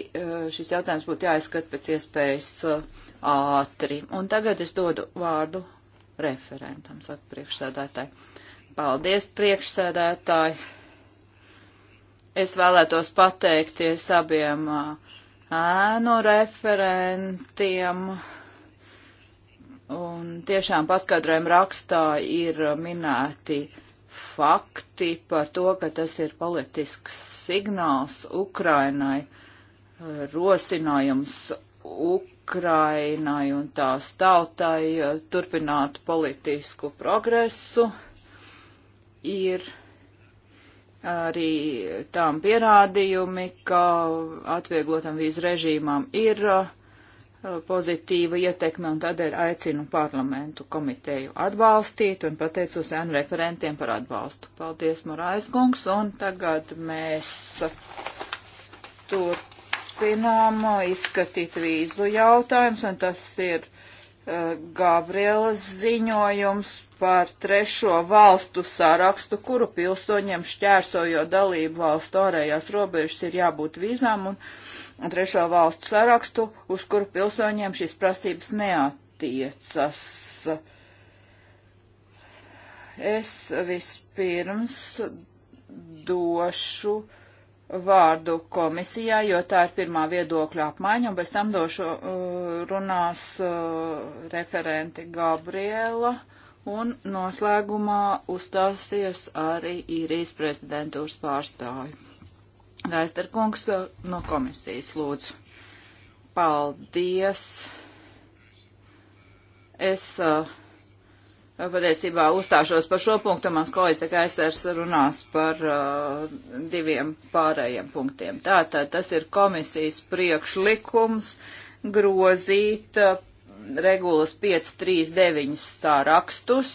Speaker 3: šis jautājums būtu jāizskat pēc iespējas ātri. Un tagad es dodu vārdu referentam, saka priekšsēdētāji. Paldies, priekšsēdētāji! Es vēlētos pateikties abiem ēnu referentiem. Un tiešām paskaidrojumu rakstā ir minēti fakti par to, ka tas ir politisks signāls Ukrainai, rosinājums Ukrainai un tās tautai eh, turpināt politisku progresu, ir arī tām pierādījumi, ka atvieglotam vīzu režīmām ir eh, pozitīva ietekme un tādēļ aicinu parlamentu komiteju atbalstīt un pateicu sēnu referentiem par atbalstu. Paldies, Morais Gungs, un tagad mēs turpinām turpinām izskatīt vīzu jautājums, un tas ir uh, Gabrielas ziņojums par trešo valstu sarakstu, kuru pilsoņiem šķērsojot dalību valstu ārējās robežas ir jābūt vīzām, un, un trešo valstu sarakstu, uz kuru pilsoņiem šīs prasības neatiecas. Es vispirms došu uh, vārdu komisijā, jo tā ir pirmā viedokļa apmaiņa, un pēc tam došu uh, runās uh, referenti Gabriela, un noslēgumā uzstāsies arī īrijas prezidentūras pārstāvi. Gaisterkungs uh, no komisijas lūdzu. Paldies! Es uh, patiesībā uzstāšos par šo punktu, mans kolēģis Kaisers runās par uh, diviem pārējiem punktiem. Tātad tas ir komisijas priekšlikums grozīt uh, regulas 539 sārakstus.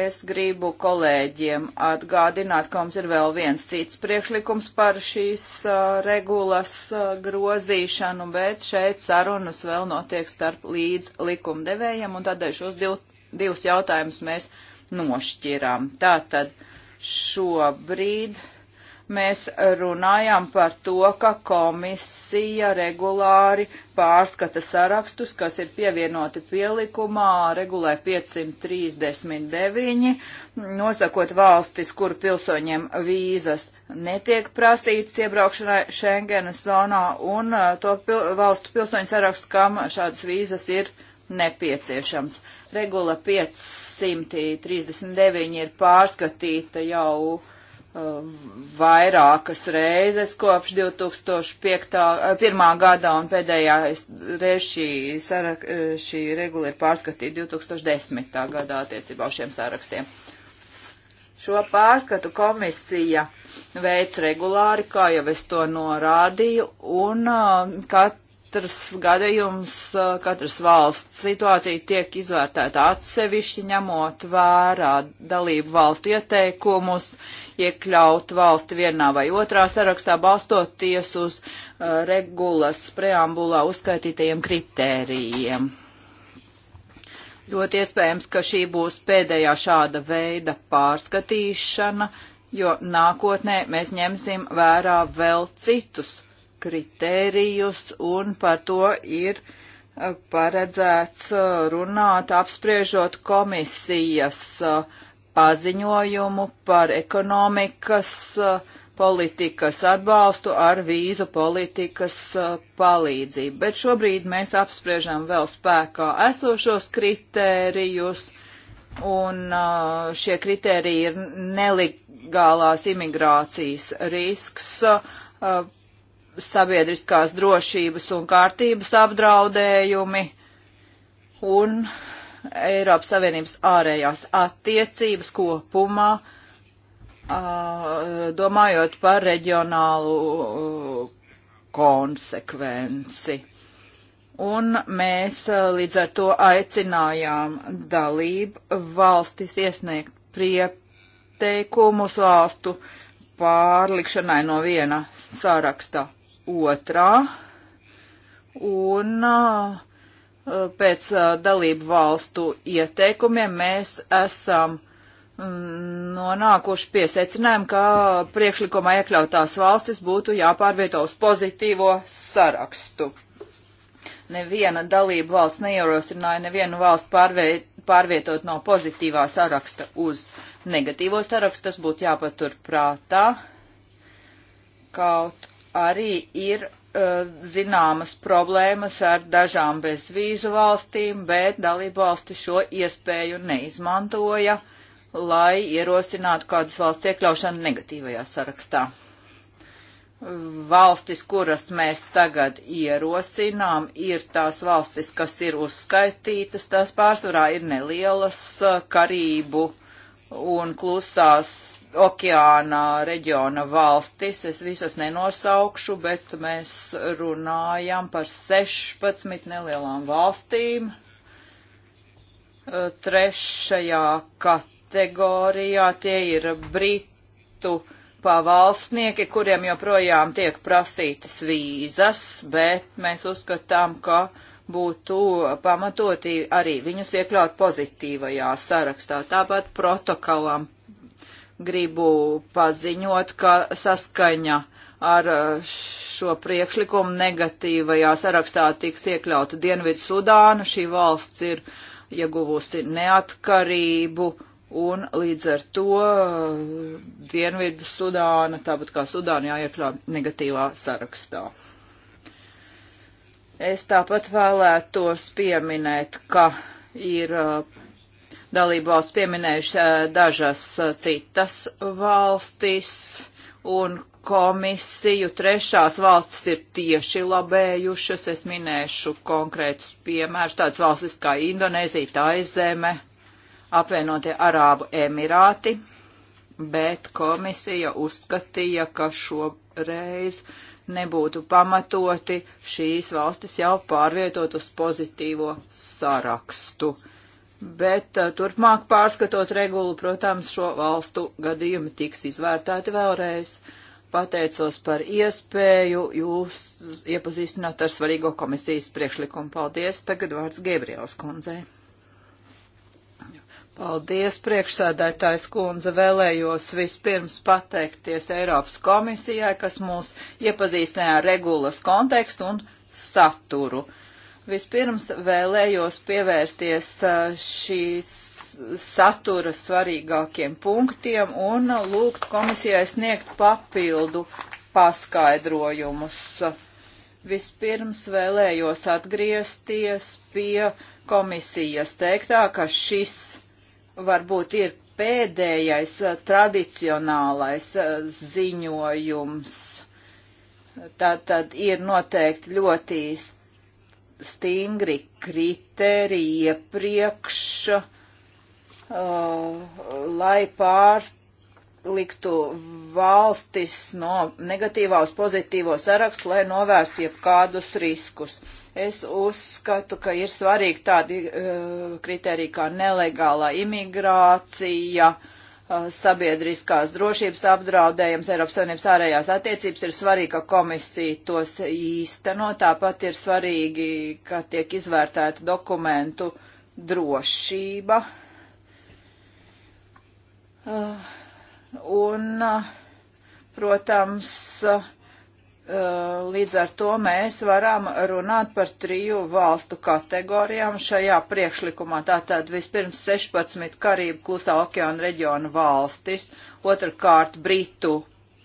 Speaker 3: Es gribu kolēģiem atgādināt, ka mums ir vēl viens cits priekšlikums par šīs uh, regulas uh, grozīšanu, bet šeit sarunas vēl notiek starp līdz likumdevējiem, un tādēļ šos divus divus jautājumus mēs nošķirām. Tātad šobrīd mēs runājam par to, ka komisija regulāri pārskata sarakstus, kas ir pievienoti pielikumā, regulē 539, nosakot valstis, kur pilsoņiem vīzas netiek prasītas iebraukšanai Schengenas zonā, un uh, to pil valstu pilsoņu sarakstu, kam šādas vīzas ir nepieciešams. Regula 539 ir pārskatīta jau um, vairākas reizes kopš 2001. Eh, gada un pēdējā reize šī, sarak, eh, šī regula ir pārskatīta 2010. gadā attiecībā uz šiem sarakstiem. Šo pārskatu komisija veids regulāri, kā jau es to norādīju, un uh, kat, katrs gadījums, katras valsts situācija tiek izvērtēta atsevišķi, ņemot vērā dalību valstu ieteikumus, iekļaut valsti vienā vai otrā sarakstā, balstoties uz regulas preambulā uzskaitītajiem kritērijiem. Ļoti iespējams, ka šī būs pēdējā šāda veida pārskatīšana, jo nākotnē mēs ņemsim vērā vēl citus kritērijus un par to ir eh, paredzēts eh, runāt apspriežot komisijas eh, paziņojumu par ekonomikas politikas atbalstu ar vīzu politikas palīdzību. Bet šobrīd mēs apspriežam vēl spēkā esošos kritērijus, un šie kritēriji ir nelegālās imigrācijas risks, sabiedriskās drošības un kārtības apdraudējumi un Eiropas Savienības ārējās attiecības kopumā, domājot par reģionālu konsekvenci. Un mēs līdz ar to aicinājām dalību valstis iesniegt prieteikumus valstu pārlikšanai no viena sarakstā otrā, un uh, pēc uh, dalību valstu ieteikumiem mēs esam mm, nonākuši pie secinājuma, ka priekšlikumā iekļautās valstis būtu jāpārvieto uz pozitīvo sarakstu. Neviena dalība valsts neierosināja nevienu valstu pārvietot pārvietot no pozitīvā saraksta uz negatīvo sarakstu, tas būtu jāpatur prātā. Kaut arī ir uh, zināmas problēmas ar dažām bezvīzu valstīm, bet dalībvalsti šo iespēju neizmantoja, lai ierosinātu kādas valsts iekļaušanu negatīvajā sarakstā. Valstis, kuras mēs tagad ierosinām, ir tās valstis, kas ir uzskaitītas, tās pārsvarā ir nelielas eh, Karību un klusās okeāna reģiona valstis, es visas nenosaukšu, bet mēs runājam par 16 nelielām valstīm. Trešajā kategorijā tie ir Britu pavalsnieki, kuriem joprojām tiek prasītas vīzas, bet mēs uzskatām, ka būtu pamatoti arī viņus iekļaut pozitīvajā sarakstā. Tāpat protokolam gribu paziņot, ka saskaņa ar uh, šo priekšlikumu negatīvajā sarakstā tiks iekļauta Dienvidu Sudāna. Šī valsts ir ieguvusi neatkarību un līdz ar to uh, Dienvidu Sudāna, tāpat kā Sudāna, jāiekļauj negatīvā sarakstā. Es tāpat vēlētos pieminēt, ka ir uh, dalību valsts pieminējuši dažas citas valstis un komisiju. Trešās valstis ir tieši labējušas. Es minēšu konkrētus piemērus. Tādas valstis kā Indonēzija, Taizeme, apvienotie Arābu Emirāti. Bet komisija uzskatīja, ka šoreiz nebūtu pamatoti šīs valstis jau pārvietot uz pozitīvo sarakstu. Uh, bet uh, turpmāk pārskatot regulu, protams, šo valstu gadījumi tiks izvērtēti vēlreiz. Pateicos par iespēju jūs iepazīstināt ar svarīgo komisijas priekšlikumu. Paldies. Tagad vārds Gabriels kundzei. Paldies, priekšsēdētājs kundze, vēlējos vispirms pateikties Eiropas komisijai, kas mūs iepazīstināja regulas kontekstu un saturu. Uh, Vispirms vēlējos pievērsties šīs satura svarīgākiem punktiem un lūgt komisijai sniegt papildu paskaidrojumus. Vispirms vēlējos atgriezties pie komisijas teiktā, ka šis varbūt ir pēdējais tradicionālais ziņojums. Tātad ir noteikti ļoti stingri kriteriji iepriekš, uh, lai pārliktu valstis no negatīvā uz pozitīvo sarakstu, lai novērstu jebkādus riskus. Es uzskatu, ka ir svarīgi tādi uh, kriteriji kā nelegālā imigrācija, uh, sabiedriskās drošības apdraudējums Eiropas Savienības ārējās attiecības ir svarīgi, ka komisija tos īsteno, tāpat ir svarīgi, ka tiek izvērtēta dokumentu drošība. Uh, un, uh, protams, uh, Eh, līdz ar to mēs varam runāt par triju valstu kategorijām šajā priekšlikumā. Tātad vispirms 16 Karību klusā okeāna reģiona valstis, otrkārt Britu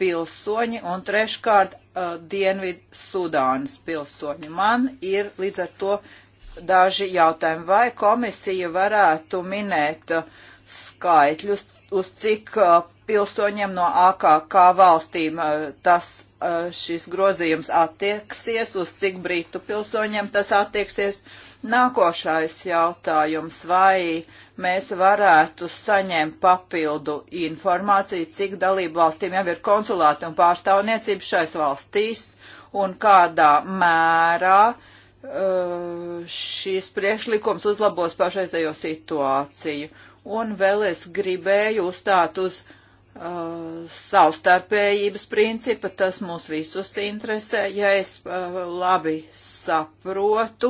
Speaker 3: pilsoņi un treškārt uh, Dienvidu Sudānas pilsoņi. Man ir līdz ar to daži jautājumi, vai komisija varētu minēt uh, skaitļus, uz cik uh, pilsoņiem no AKK valstīm tas Eh, šis grozījums attieksies, uz cik brītu pilsoņiem tas attieksies. Nākošais jautājums, vai mēs varētu saņemt papildu informāciju, cik dalību valstīm jau ir konsulāti un pārstāvniecība šais valstīs un kādā mērā eh, šīs priekšlikums uzlabos pašreizējo situāciju. Un vēl es gribēju uzstāt uz Uh, savstarpējības principa, tas mūs visus interesē, ja es uh, labi saprotu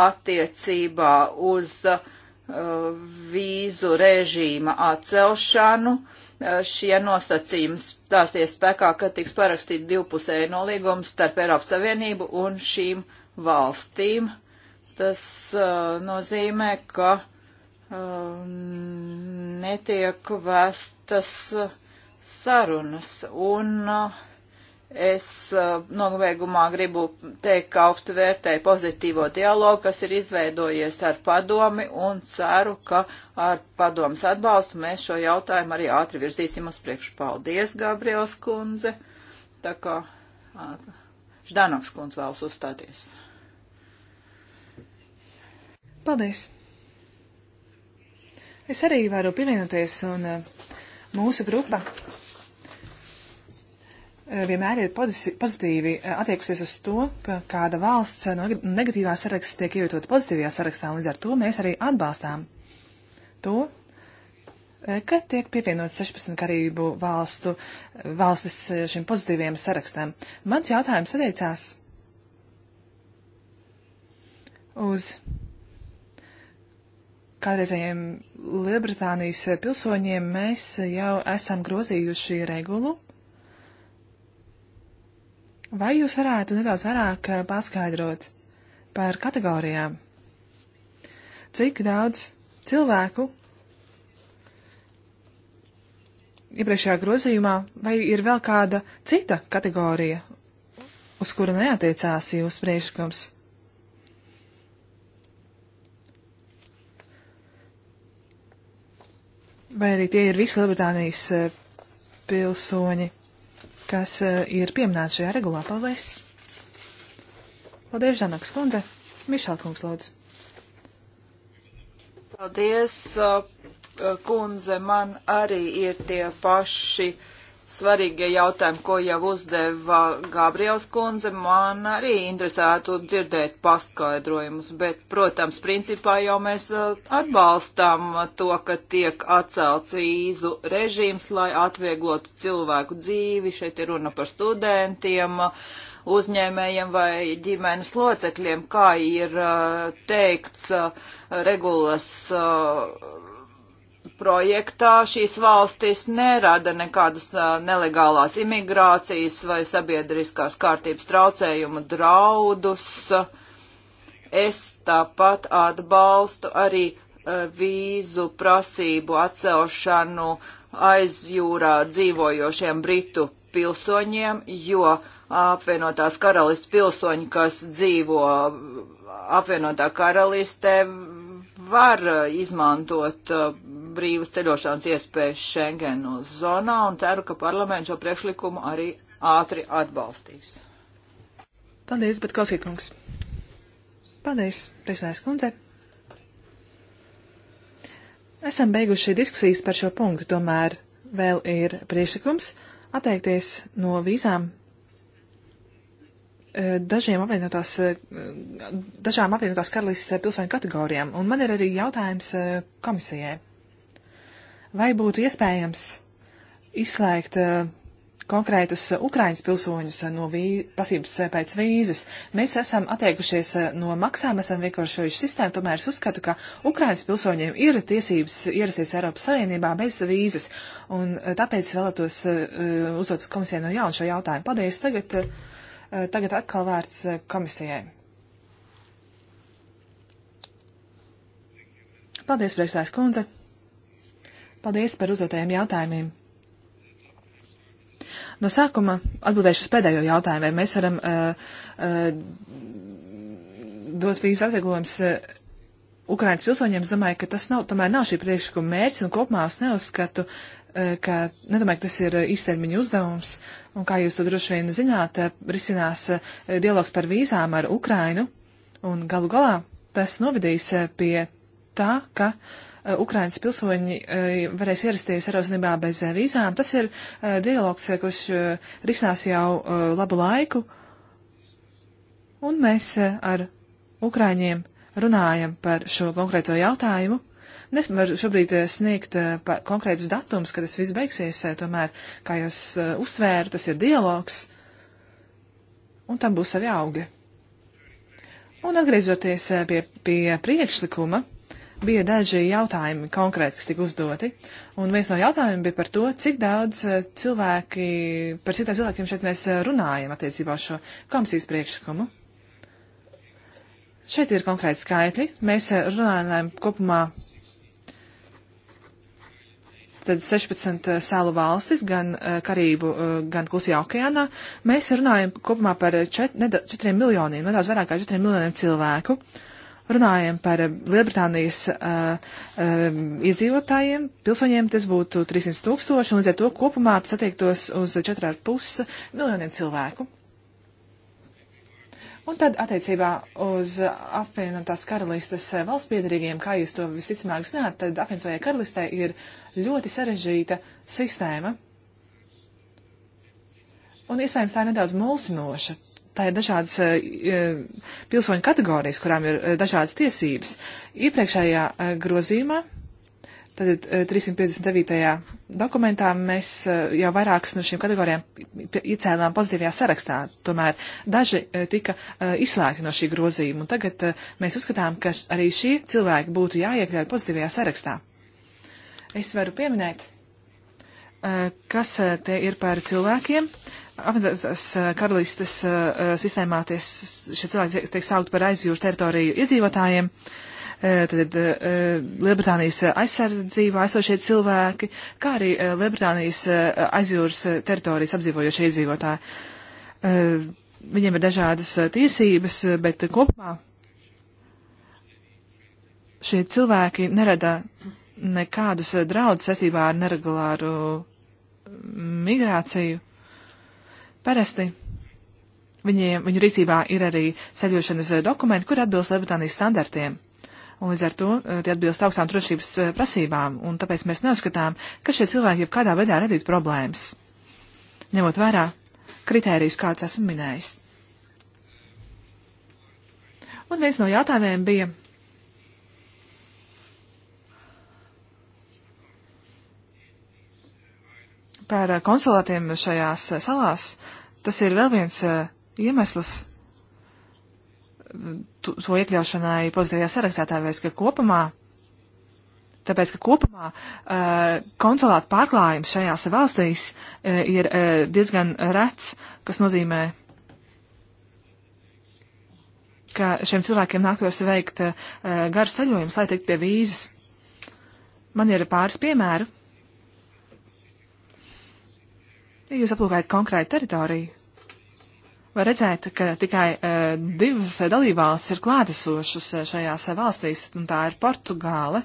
Speaker 3: attiecībā uz uh, vīzu režīma atcelšanu. Uh, šie nosacījumi stāsies spēkā, kad tiks parakstīti divpusēji nolīgumi starp Eiropas Savienību un šīm valstīm. Tas uh, nozīmē, ka uh, netiek vestas uh, sarunas. Un uh, es uh, novēgumā gribu teikt, ka augstu vērtēju pozitīvo dialogu, kas ir izveidojies ar padomi un ceru, ka ar padomas atbalstu mēs šo jautājumu arī ātri virzīsim uz priekšu. Paldies, Gabriels kundze. Tā kā uh, Ždanoks kundze vēlas uzstāties.
Speaker 1: Paldies! Es arī varu pievienoties un uh, Mūsu grupa eh, vienmēr ir pozitīvi eh, attiekusies uz to, ka kāda valsts eh, no negatīvā saraksta tiek ievietot pozitīvajā sarakstā, un līdz ar to mēs arī atbalstām to, ka tiek pievienot 16 karību valstu, valstis šim pozitīvajam sarakstam. Mans jautājums attiecās uz kādreizējiem Lielbritānijas pilsoņiem mēs jau esam grozījuši regulu. Vai jūs varētu nedaudz vairāk eh, paskaidrot par kategorijām? Cik daudz cilvēku iepriekšējā grozījumā, vai ir vēl kāda cita kategorija, uz kuru neatiecās jūsu priekšlikums? vai arī tie ir visi Lielbritānijas eh, pilsoņi, kas eh, ir pieminēti šajā regulā. Paldies! Paldies, Žanaks kundze! Mišāl kungs, lūdzu!
Speaker 3: Paldies, eh, kundze! Man arī ir tie paši svarīgie jautājumi, ko jau uzdeva Gabriels kundze, man arī interesētu dzirdēt paskaidrojumus, bet, protams, principā jau mēs uh, atbalstām to, ka tiek atcelts vīzu režīms, lai atvieglotu cilvēku dzīvi. Šeit ir runa par studentiem, uzņēmējiem vai ģimenes locekļiem, kā ir uh, teikts uh, regulas projektā šīs valstis nerada nekādas nelegālās imigrācijas vai sabiedriskās kārtības traucējumu draudus. Es tāpat atbalstu arī vīzu prasību atcelšanu aizjūrā dzīvojošiem britu pilsoņiem, jo apvienotās karalists pilsoņi, kas dzīvo apvienotā karalistē, var izmantot brīvas ceļošanas iespējas Schengenu zonā un ceru, ka parlaments šo priekšlikumu arī ātri atbalstīs.
Speaker 1: Paldies, bet klausītkungs. Paldies, priekšnājas kundze. Esam beiguši diskusijas par šo punktu, tomēr vēl ir priekšlikums atteikties no vīzām eh, dažiem apvienotās, eh, dažām apvienotās karalistes eh, pilsoņu kategorijām. Un man ir arī jautājums komisijai vai būtu iespējams izslēgt uh, konkrētus eh, Ukraiņas pilsoņus eh, no prasības pēc vīzes. Mēs esam attiekušies no maksām, esam vienkāršojuši sistēmu, tomēr es uzskatu, ka Ukraiņas pilsoņiem ir tiesības ierasties Eiropas Savienībā bez vīzes, un tāpēc vēlētos uh, uzdot komisijai no jauna šo jautājumu. Paldies, tagad, uh, tagad atkal vārds komisijai. Paldies, priekšstājas kundze. Paldies par uzdotajiem jautājumiem. No sākuma atbildēšu uz pēdējo jautājumu, vai mēs varam uh, uh, dot vīzu atvieglojumus uh, Ukrainas pilsoņiem. Es domāju, ka tas nav, tomēr nav šī priekšlikuma mērķis, un kopumā es neuzskatu, uh, ka, nedomāju, ka tas ir uh, īstermiņa uzdevums, un kā jūs to droši vien zināt, uh, risinās uh, dialogs par vīzām ar Ukrainu, un galu galā tas novedīs uh, pie tā, ka uh, Eh, Ukrainas pilsoņi eh, varēs ierasties Eiropas Savienībā bez eh, vīzām. Tas ir dialogs, kurš risinās jau labu laiku. Un mēs ar Ukraiņiem runājam par šo konkrēto jautājumu. Nevaru šobrīd sniegt konkrētus datumus, kad tas viss beigsies, tomēr, kā jūs uzsvēru, tas ir dialogs, un tam būs savi augi. Un atgriezoties pie, pie priekšlikuma, bija daži jautājumi konkrēti, kas tika uzdoti. Un viens no jautājumiem bija par to, cik daudz eh, cilvēki, par citiem cilvēkiem šeit mēs eh, runājam attiecībā uz šo komisijas priekšlikumu. Šeit ir konkrēti skaitļi. Mēs eh, runājam kopumā tad 16 salu valstis, gan Karību, gan Klusajā okeānā. Mēs runājam kopumā par 4, neda, 4 miljoniem, nedaudz vairāk kā 4 miljoniem cilvēku. Uh, runājam par Lielbritānijas uh, uh, iedzīvotājiem, pilsoņiem tas būtu 300 tūkstoši, un līdz ar to kopumā tas attiektos uz 4,5 miljoniem cilvēku. Un tad attiecībā uz apvienotās karalistas valsts piedarīgiem, kā jūs to visticamāk zināt, tad apvienotajai karalistē ir ļoti sarežģīta sistēma. Un iespējams tā ir nedaudz mulsinoša tā ir dažādas eh, eh, pilsoņu kategorijas, kurām ir eh, dažādas tiesības. Iepriekšējā grozījumā, tad 359. dokumentā, mēs jau vairākas no šīm kategorijām iecēlām pozitīvajā sarakstā. Tomēr daži tika izslēgti no šī grozījuma, un tagad mēs uzskatām, ka arī šie cilvēki būtu jāiekļauj pozitīvajā sarakstā. Es varu pieminēt, kas te ir par cilvēkiem, uh, apvienotās eh, karalistes eh, eh, sistēmā ties, šie cilvēki tiek, tiek saukti par aizjūras teritoriju iedzīvotājiem. Tad Lielbritānijas aizsardzībā esošie cilvēki, kā arī Lielbritānijas aizjūras teritorijas apdzīvojošie iedzīvotāji. Viņiem ir dažādas tiesības, bet kopumā šie cilvēki nerada nekādus draudus saistībā ar neregulāru mm, migrāciju. Parasti viņiem, viņu rīcībā ir arī ceļošanas eh, dokumenti, kur atbilst Lielbritānijas standartiem. Un līdz ar to eh, tie atbilst augstām drošības eh, prasībām, un tāpēc mēs neuzskatām, ka šie cilvēki jebkādā veidā radītu problēmas. Ņemot vērā kritērijus, kāds esmu minējis. Un viens no jautājumiem bija par eh, konsulātiem šajās eh, salās, tas ir vēl viens eh, iemesls to iekļaušanai pozitīvajā sarakstā, tāpēc, ka kopumā, tāpēc, ka kopumā konsulāta pārklājums šajās valstīs ir diezgan rets, kas nozīmē, ka šiem cilvēkiem nāktos veikt garus ceļojumus, lai tiktu pie vīzes. Man ir pāris piemēru Ja jūs aplūkājat konkrētu teritoriju, var redzēt, ka tikai uh, divas dalībvalstis ir klātesošas e, šajās valstīs, un tā ir Portugāle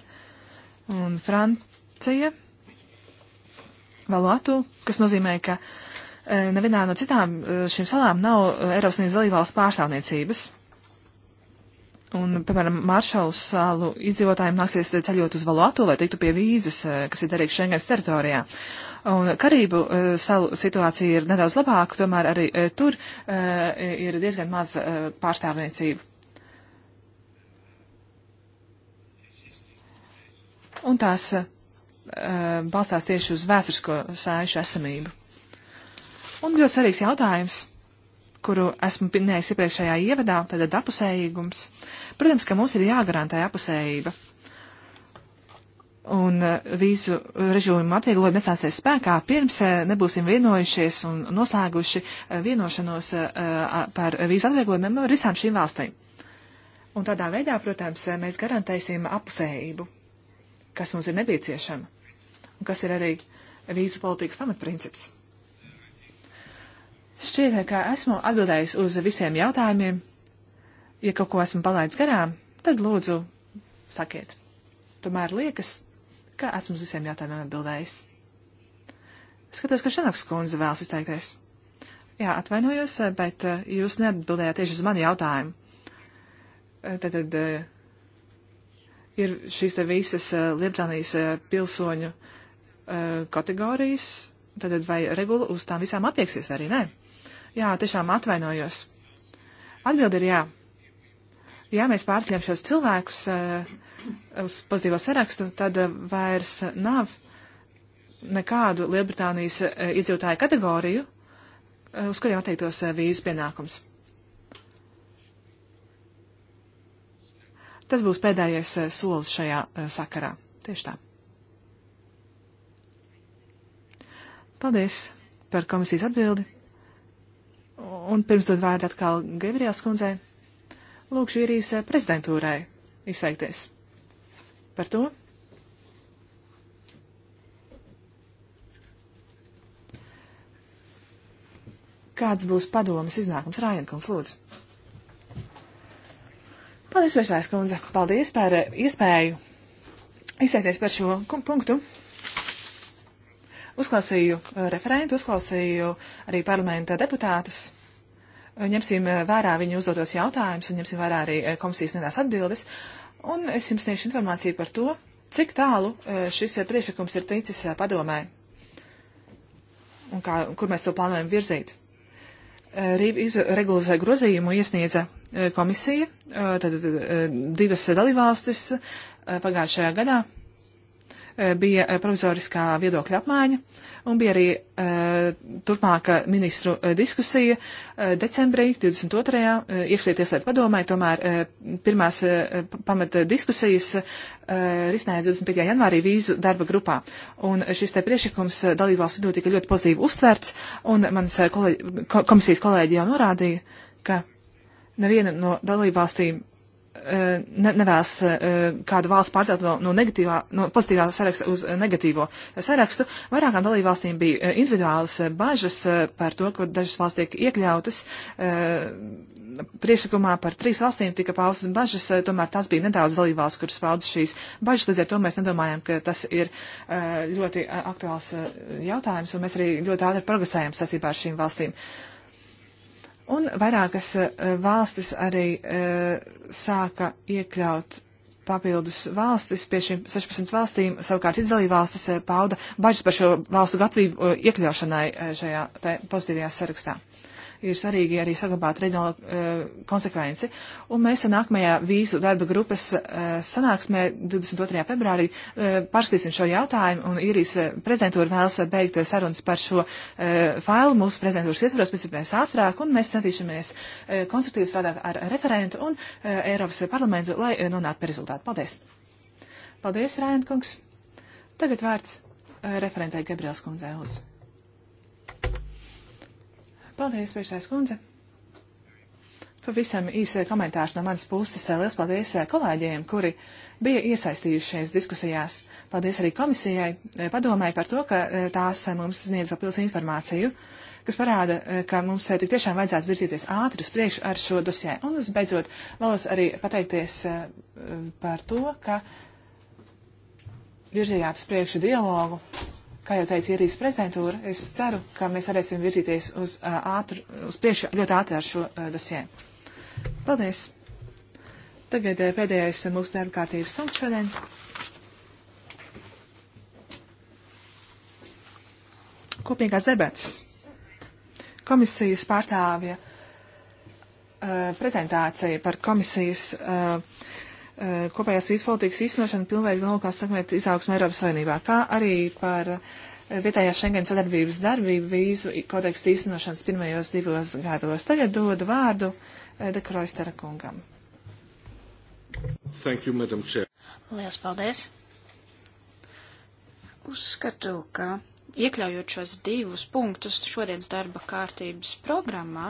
Speaker 1: un Francija, Valuatu, kas nozīmē, ka uh, nevienā no citām uh, šīm salām nav uh, Eiropas Savienības dalībvalsts pārstāvniecības. Un, piemēram, Maršalu salu iedzīvotājiem nāksies ceļot uz Valuatu, lai tiktu pie vīzes, uh, kas ir derīgs Schengens teritorijā. Uh, Un Karību eh, salu situācija ir nedaudz labāka, tomēr arī eh, tur eh, ir diezgan maz pārstāvniecību. Un tās balstās tieši uz vēsturisko sēžu esamību. Un ļoti svarīgs jautājums kuru esmu minējis iepriekšējā ievadā, tad ir apusējīgums. Protams, ka mums ir jāgarantē apusējība un e, vīzu režīmu atvieglojumi nesāsies spēkā, pirms e, nebūsim vienojušies un noslēguši e, vienošanos par vīzu atvieglojumiem ar visām šīm valstīm. Un tādā veidā, protams, mēs garantēsim apusējību, kas mums ir nepieciešama, un kas ir arī vīzu politikas pamatprincips. Šķiet, ka esmu atbildējis uz visiem jautājumiem. Ja kaut ko esmu palaidis garām, tad lūdzu sakiet. Tomēr liekas, ka esmu uz visiem jautājumiem atbildējis. Skatos, ka Šanaks kundze vēlas izteikties. Jā, atvainojos, bet eh, jūs neatbildējāt tieši uz manu jautājumu. Eh, tad, tad eh, ir šīs te visas Liepzānijas pilsoņu kategorijas, tad vai regula uz tām visām attieksies vai arī nē? Jā, tiešām atvainojos. Atbildi ir jā. Ja mēs pārceļam šos cilvēkus, uh, uz pozitīvo sarakstu, tad eh, vairs nav nekādu Lielbritānijas eh, iedzīvotāju kategoriju, eh, uz kuriem attiektos vīzu pienākums. Tas būs pēdējais solis šajā sakarā. Tieši tā. Paldies par komisijas atbildi. Un pirms dod vārdu atkal Gavrielas kundzei, lūkšu īrijas prezidentūrai izteikties par to. Kāds būs padomas iznākums? Rājankungs, lūdzu. Paldies, priekšsēdētājas kundze. Paldies par eh, iespēju izteikties par šo punktu. Uzklausīju eh, referentu, uzklausīju arī parlamenta deputātus. Ņemsim eh, vērā viņu uzdotos jautājumus un ņemsim vērā arī komisijas nedās atbildes. Uh, un es jums sniegšu informāciju par to, cik tālu e, šis e, priekšlikums ir ticis e, padomē un kā, kur mēs to plānojam virzīt. Rīva izregulizē grozījumu iesniedza komisija, tad divas dalībvalstis pagājušajā gadā bija eh, provizoriskā viedokļa apmaiņa un bija arī eh, turpmāka ministru eh, diskusija decembrī 22. iekšlietu ieslietu padomē. Tomēr pirmās pamata diskusijas risinājās 25. janvārī vīzu darba grupā. Un šis te priešakums dalībvalstu vidū tika ļoti pozitīvi uztverts un mans kolēģi, komisijas kolēģi jau norādīja, ka neviena no dalībvalstīm nevēlas e, kādu valsts pārcelt no, no, negatīvā, no pozitīvā saraksta uz e, negatīvo sarakstu. Vairākām dalībvalstīm bija e, individuālas bažas par to, ka dažas valsts tiek iekļautas. Priekšlikumā par trīs valstīm tika paustas bažas, tomēr tas bija nedaudz dalībvalsts, kuras valda šīs bažas, līdz ar to mēs nedomājam, ka tas ir ļoti aktuāls jautājums, un mēs arī ļoti ātri progresējam sasībā ar šīm valstīm. Uh, Un vairākas eh, valstis arī eh, sāka iekļaut papildus valstis, pie šiem 16 valstīm savukārt izdalīja valstis eh, pauda bažas par šo valstu gatavību iekļaušanai šajā pozitīvajā sarakstā. Uh, ir svarīgi arī saglabāt reģionālo uh, konsekvenci. Un mēs nākamajā vīzu darba grupas uh, sanāksmē 22. februārī uh, pārskatīsim šo jautājumu, un īrijas prezidentūra vēlas beigt sarunas par šo failu mūsu prezidentūras ietvaros pēc iespējas ātrāk, un mēs centīsimies konstruktīvi strādāt ar referentu un Eiropas parlamentu, lai nonāktu pie rezultātu. Paldies! Paldies, Rēnkungs! Tagad vārds referentai Gabriels kundzei Lūdzu. Paldies, priekšsēdētājas kundze. Pavisam īsi komentārs no manas puses. Lielas paldies eh, kolēģiem, kuri bija iesaistījušies diskusijās. Paldies arī komisijai eh, padomai par to, ka eh, tās mums sniedz papildus informāciju, kas parāda, ka mums tik tiešām vajadzētu virzīties ātri uz priekšu ar šo dosē. Un es beidzot vēlos arī pateikties par to, ka virzījāt uz priekšu dialogu Kā jau teica Irijas prezidentūra, es ceru, ka mēs varēsim virzīties uz, ātru, uz priekšu ļoti ātri ar šo dosē. Paldies! Tagad pēdējais mūsu darba kārtības punkts šodien. Kopīgās debatas. Komisijas pārstāvja uh, prezentācija par komisijas uh, Eh, kopējās vīzu politikas īstenošanu pilnveidīgi nolūkā sakmēt izaugsmu Eiropas Savienībā, kā arī par eh, vietējās Schengen sadarbības darbību vīzu kodeksta īstenošanas pirmajos divos gados. Tagad dodu vārdu
Speaker 2: eh, Dekroistera kungam.
Speaker 3: Thank you, Madam Chair.
Speaker 2: Lielas paldies. Uzskatu, ka iekļaujot šos divus punktus šodienas darba kārtības programmā,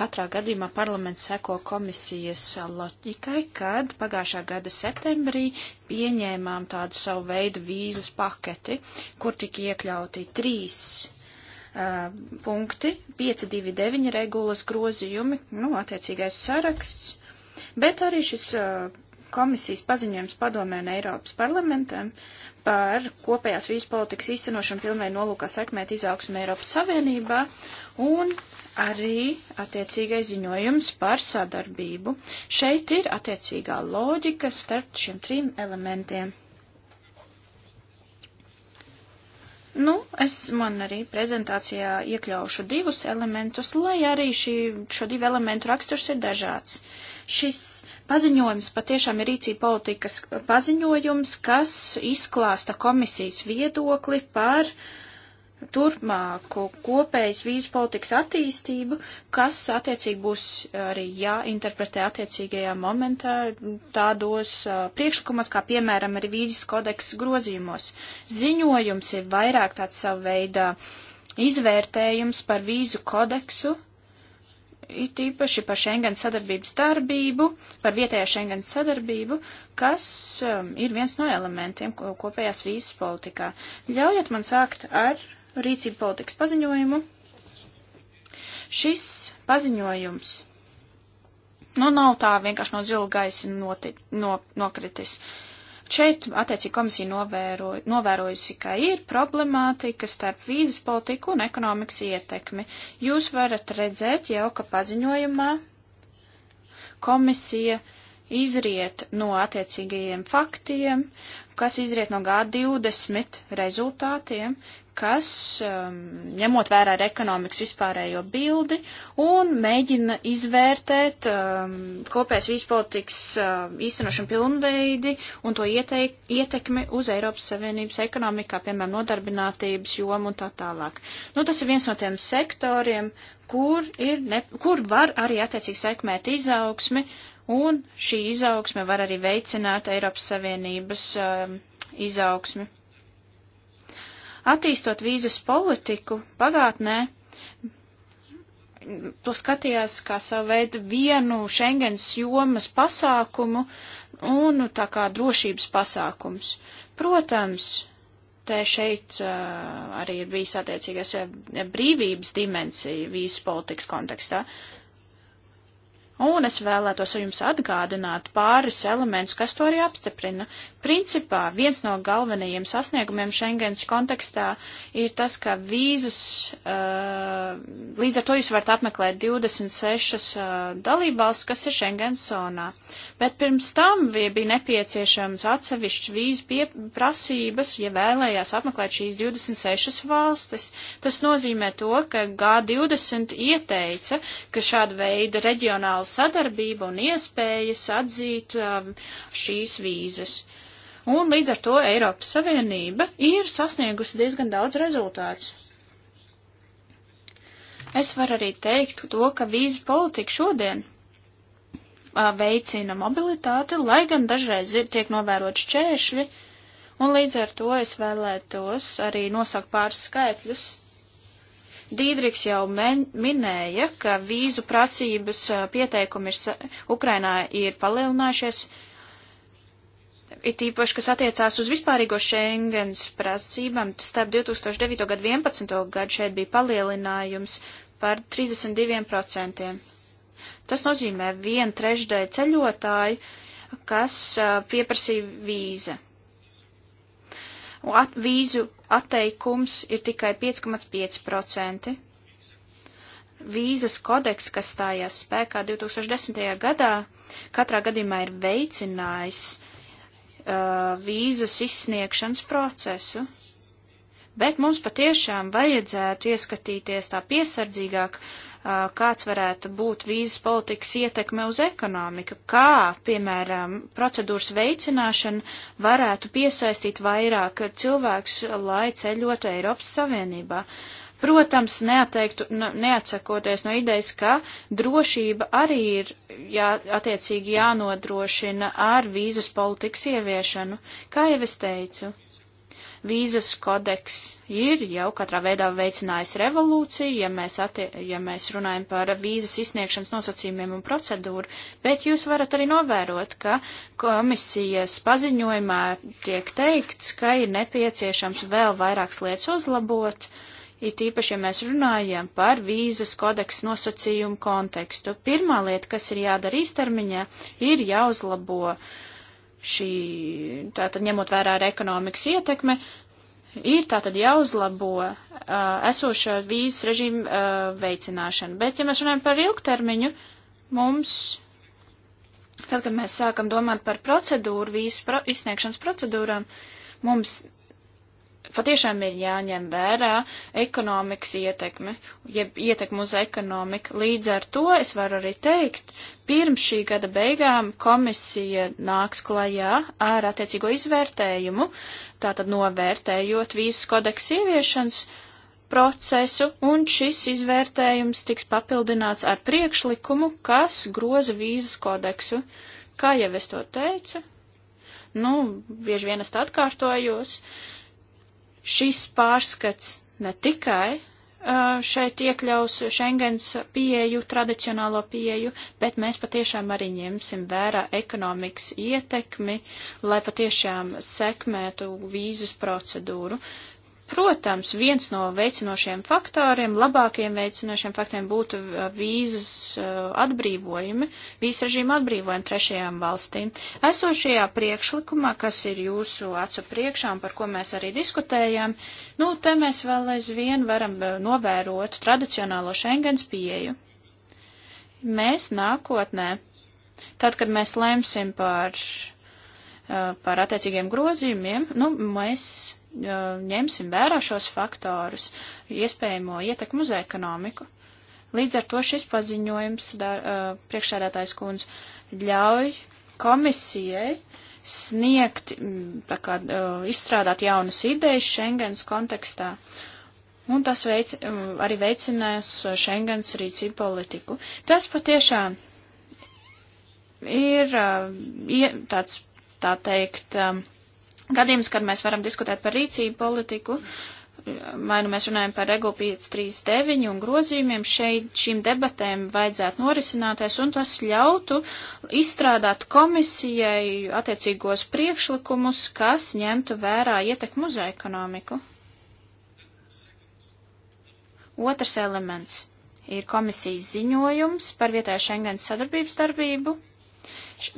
Speaker 2: katrā gadījumā parlaments seko komisijas loģikai, kad pagājušā gada septembrī pieņēmām tādu savu veidu vīzas paketi, kur tika iekļauti trīs uh, punkti, 529 regulas grozījumi, nu, attiecīgais saraksts, bet arī šis uh, komisijas paziņojums padomē un Eiropas parlamentam uh, par kopējās vīzu politikas īstenošanu pilnvei nolūkā sekmēt izaugsmu Eiropas Savienībā un arī attiecīgais ziņojums par sadarbību. Šeit ir attiecīgā loģika starp šiem trim elementiem. Nu, es man arī prezentācijā iekļaušu divus elementus, lai arī šī, šo divu elementu raksturs ir dažāds. Šis Paziņojums patiešām ir rīcība politikas paziņojums, kas izklāsta komisijas viedokli par turpmāku kopējas vīzu politikas attīstību, kas attiecīgi būs arī jāinterpretē attiecīgajā momentā tādos uh, priekšlikumos, kā piemēram arī vīzes kodeks grozījumos. Ziņojums ir vairāk tāds savu veidā izvērtējums par vīzu kodeksu, uh, it īpaši par Schengen sadarbības darbību, par vietējā Schengen sadarbību, kas um, ir viens no elementiem ko, kopējās vīzes politikā. Ļaujiet man sākt ar rīcību politikas paziņojumu. Šis paziņojums nu, nav tā vienkārši no zila gaisa noti, no, nokritis. Uh, Šeit, attiecīgi, komisija novēro, novērojusi, ka ir problemātika starp vīzas politiku un ekonomikas ietekmi. Jūs varat redzēt jau, ka paziņojumā komisija izriet no attiecīgajiem faktiem, kas izriet no G20 rezultātiem, kas um, ņemot vērā ar ekonomikas vispārējo bildi un mēģina izvērtēt um, kopējas vīzpolitikas um, īstenošanu pilnveidi un to ieteik, ietekmi uz Eiropas Savienības ekonomikā, piemēram, nodarbinātības jomu un tā tālāk. Nu, tas ir viens no tiem sektoriem, kur, ir ne, kur var arī attiecīgi sekmēt izaugsmi, un šī izaugsme var arī veicināt Eiropas Savienības um, izaugsmi. Attīstot vīzes politiku pagātnē, to skatījās kā savu veidu vienu Schengens jomas pasākumu un nu, tā kā drošības pasākums. Protams, te šeit uh, arī ir bijis attiecīgais brīvības dimensija vīzes politikas kontekstā. Uh, Un es vēlētos jums atgādināt pāris elementus, kas to arī apstiprina. Principā viens no galvenajiem sasniegumiem Schengens kontekstā ir tas, ka vīzas, uh, līdz ar to jūs varat apmeklēt 26 uh, dalībvalsts, kas ir Schengens zonā. Bet pirms tam bija nepieciešams atsevišķs vīzu prasības, ja vēlējās apmeklēt šīs 26 valstis. Tas nozīmē to, ka G20 ieteica, ka šāda veida reģionāls sadarbība un iespējas atzīt um, šīs vīzes. Un līdz ar to Eiropas Savienība ir sasniegusi diezgan daudz rezultātu. Es varu arī teikt to, ka vīzu politika šodien uh, veicina mobilitāti, lai gan dažreiz ir tiek novērot šķēršļi, un līdz ar to es vēlētos arī nosaukt pāris skaitļus Dīdriks jau men, minēja, ka vīzu prasības pieteikumi ir, Ukrainā ir palielinājušies, it īpaši, kas attiecās uz vispārīgo Schengens prasībām. Starp 2009. gadu 11. gadu šeit bija palielinājums par 32%. Tas nozīmē vien trešdēļ ceļotāju, kas pieprasīja vīze. At, vīzu atteikums ir tikai 5,5%. Vīzas kodeks, kas stājās spēkā 2010. gadā, katrā gadījumā ir veicinājis uh, vīzas izsniegšanas procesu. Bet mums patiešām vajadzētu ieskatīties tā piesardzīgāk uh, kāds varētu būt vīzas politikas ietekme uz ekonomiku, kā, piemēram, procedūras veicināšana varētu piesaistīt vairāk cilvēks, lai ceļotu Eiropas Savienībā. Protams, neatteiktu, neatsakoties no idejas, ka drošība arī ir jā, attiecīgi jānodrošina ar vīzas politikas ieviešanu, kā jau es teicu. Vīzas kodeks ir jau katrā veidā veicinājis revolūciju, ja mēs, atti, ja mēs runājam par vīzas izsniegšanas nosacījumiem un procedūru, bet jūs varat arī novērot, ka komisijas paziņojumā tiek teikts, ka ir nepieciešams vēl vairākas lietas uzlabot. It īpaši, ja mēs runājam par vīzas kodeksu nosacījumu kontekstu, pirmā lieta, kas ir jādara īstermiņā, ir jāuzlabo uh, šī, tātad ņemot vērā ar ekonomikas ietekme, ir tātad jāuzlabo uh, esošo vīzes režīmu uh, veicināšanu. Bet, ja mēs runājam par ilgtermiņu, mums, tad, kad mēs sākam domāt par procedūru, vīzes pro, izsniegšanas procedūrām, mums patiešām ir jāņem vērā ekonomikas ietekme, jeb ietekme uz ekonomiku. Līdz ar to es varu arī teikt, pirms šī gada beigām komisija nāks klajā ar attiecīgo izvērtējumu, tātad novērtējot vīzas kodeks ieviešanas procesu, un šis izvērtējums tiks papildināts ar priekšlikumu, kas groza vīzas kodeksu. Kā jau es to teicu, nu, bieži vien es tā atkārtojos, uh, šis pārskats ne tikai šeit iekļaus Schengens pieeju, tradicionālo pieeju, bet mēs patiešām arī ņemsim vērā ekonomikas ietekmi, lai patiešām sekmētu vīzas procedūru. Protams, viens no veicinošiem faktoriem, labākajiem veicinošiem faktoriem būtu uh, vīzas uh, atbrīvojumi, vīzas režīma atbrīvojumi trešajām valstīm. Esošajā priekšlikumā, kas ir jūsu acu priekšām, par ko mēs arī diskutējām, nu, te mēs vēl aizvien varam uh, novērot tradicionālo Schengens pieeju. Mēs nākotnē, tad, kad mēs lemsim par, par attiecīgiem grozījumiem, nu, mēs ņemsim vērā šos faktorus, iespējamo ietekmu uz ekonomiku. Līdz ar to šis paziņojums, priekšsēdētājs kundze, ļauj komisijai sniegt, tā kā izstrādāt jaunas idejas Schengens kontekstā. Un tas veic, arī veicinās Schengens rīcību politiku. Tas patiešām ir tāds, tā teikt, gadījums, kad mēs varam diskutēt par rīcību politiku, vai nu mēs runājam par regulu 539 un grozījumiem, šeit šīm debatēm vajadzētu norisināties, un tas ļautu izstrādāt komisijai attiecīgos priekšlikumus, kas ņemtu vērā ietekmu uz ekonomiku. Otrs elements ir komisijas ziņojums par vietējo Schengen sadarbības darbību.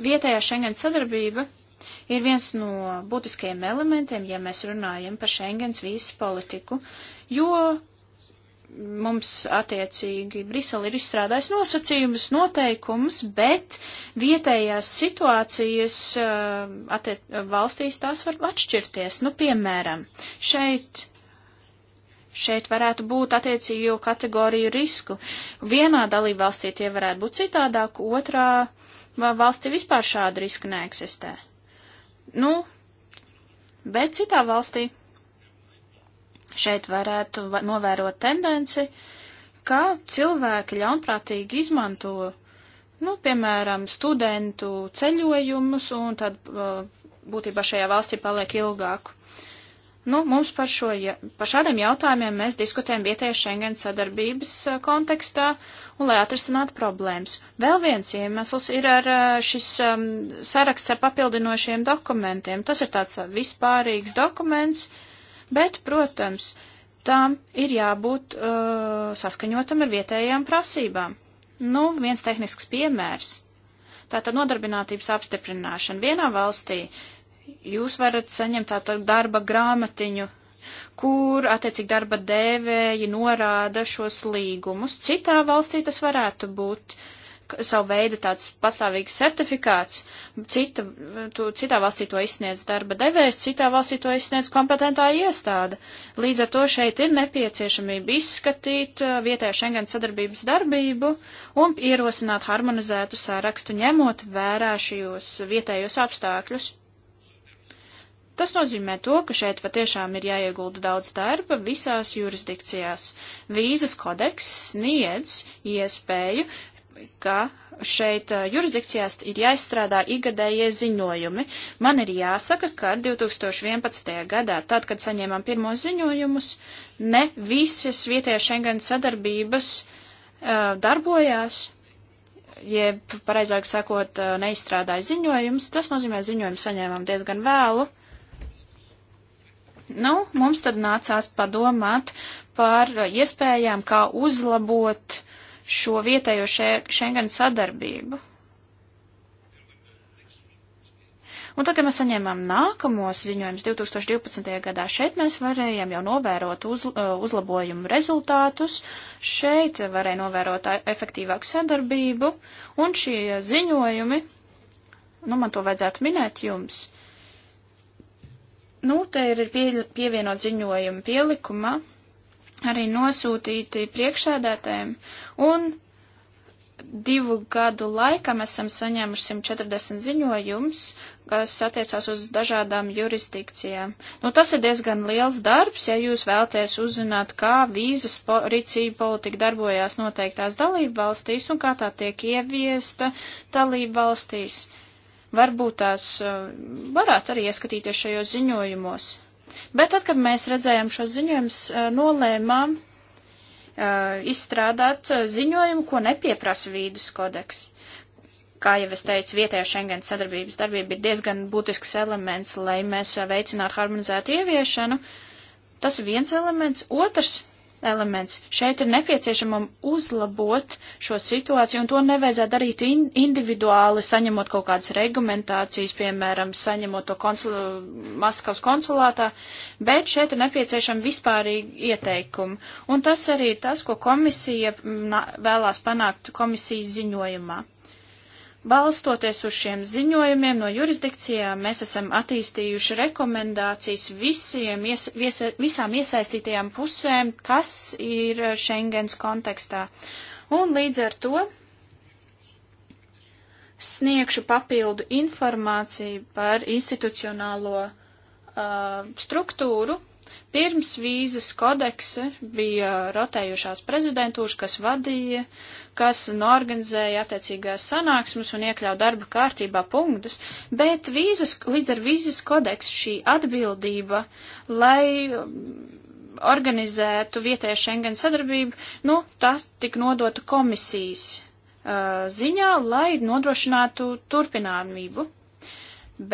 Speaker 2: Vietējā Schengen sadarbība ir viens no būtiskajiem elementiem, ja mēs runājam par Schengens vīzas politiku, jo mums attiecīgi Brisele ir izstrādājis nosacījumus, noteikumus, bet vietējās situācijas uh, attiec, valstīs tās var atšķirties. Nu, piemēram, šeit. Šeit varētu būt attiecīgo kategoriju risku. Vienā dalībvalstī tie varētu būt citādāk, otrā valstī vispār šāda riska neeksistē. Nu, bet citā valstī šeit varētu novērot tendenci, ka cilvēki ļaunprātīgi izmanto, nu, piemēram, studentu ceļojumus un tad uh, būtībā šajā valstī paliek ilgāk. Nu, mums par, šo, par šādiem jautājumiem mēs diskutējam vietējā Schengen sadarbības kontekstā un lai atrisinātu problēmas. Vēl viens iemesls ir ar šis um, saraksts ar papildinošiem dokumentiem. Tas ir tāds vispārīgs dokuments, bet, protams, tām ir jābūt uh, saskaņotam ar vietējām prasībām. Nu, viens tehnisks piemērs. Tātad nodarbinātības apstiprināšana vienā valstī jūs varat saņemt tātad darba grāmatiņu, kur attiecīgi darba dēvēji norāda šos līgumus. Citā valstī tas varētu būt savu veidu tāds pastāvīgs certifikāts. Cita, tu, citā valstī to izsniedz darba devējs, citā valstī to izsniedz kompetentā iestāde. Līdz ar to šeit ir nepieciešamība izskatīt uh, vietējā Schengen sadarbības darbību un ierosināt harmonizētu sārakstu ņemot vērā šajos vietējos apstākļus. Tas nozīmē to, ka šeit patiešām ir jāiegulda daudz darba visās jurisdikcijās. Vīzas kodeks sniedz iespēju, ka šeit eh, jurisdikcijās ir jāizstrādā igadējie ziņojumi. Man ir jāsaka, ka 2011. gadā, tad, kad saņēmām pirmos ziņojumus, ne visas vietējās Schengen sadarbības uh, darbojās, jeb, pareizāk sakot, eh, neizstrādāja ziņojumus. Tas nozīmē, ziņojumu saņēmām diezgan vēlu. Uh, Nu, mums tad nācās padomāt par iespējām, kā uzlabot šo vietējo Schengen sadarbību. Un tagad mēs saņēmām nākamos ziņojumus 2012. gadā. Šeit mēs varējām jau novērot uz, uh, uzlabojumu rezultātus, šeit varēja novērot efektīvāku sadarbību, un šie ziņojumi, nu man to vajadzētu minēt jums, uh, Nu, te ir pie, pievienot ziņojumu pielikumā, arī nosūtīti priekšsēdētājiem, un divu gadu laikā mēs esam saņēmuši 140 ziņojumus, kas attiecās uz dažādām jurisdikcijām. Nu, tas ir diezgan liels darbs, ja jūs vēlaties uzzināt, kā vīzas po rīcība politika darbojās noteiktās dalību valstīs un kā tā tiek ieviesta dalību valstīs. Uh, varbūt tās eh, varētu arī ieskatīties šajos ziņojumos. Bet tad, kad mēs redzējām šos ziņojumus, eh, nolēmām eh, izstrādāt ziņojumu, ko nepieprasa vīdas kodeks. Kā jau es teicu, vietējā Schengen sadarbības darbība ir diezgan būtisks elements, lai mēs veicinātu harmonizētu ieviešanu. Tas viens elements. Otrs elements. Šeit ir nepieciešama uzlabot šo situāciju, un to nevajadzētu darīt in individuāli, saņemot kaut kādas reglamentācijas, piemēram, saņemot to konsul Maskavas konsulātā, bet šeit ir nepieciešama vispārīgi ieteikumi. Un tas arī ir tas, ko komisija vēlās panākt komisijas ziņojumā. Balstoties uz šiem ziņojumiem no jurisdikcijām, mēs esam attīstījuši rekomendācijas visiem, ies, vies, visām iesaistītajām pusēm, kas ir Schengens kontekstā. Un līdz ar to sniegšu papildu informāciju par institucionālo uh, struktūru, Pirms vīzas kodekse bija rotējušās prezidentūras, kas vadīja, kas norganizēja attiecīgās sanāksmes un iekļauja darba kārtībā punktus, bet vīzas, līdz ar vīzas kodeksu šī atbildība, lai um, organizētu vietēju Schengen sadarbību, nu, tas tik nodota komisijas uh, ziņā, lai nodrošinātu turpināmību.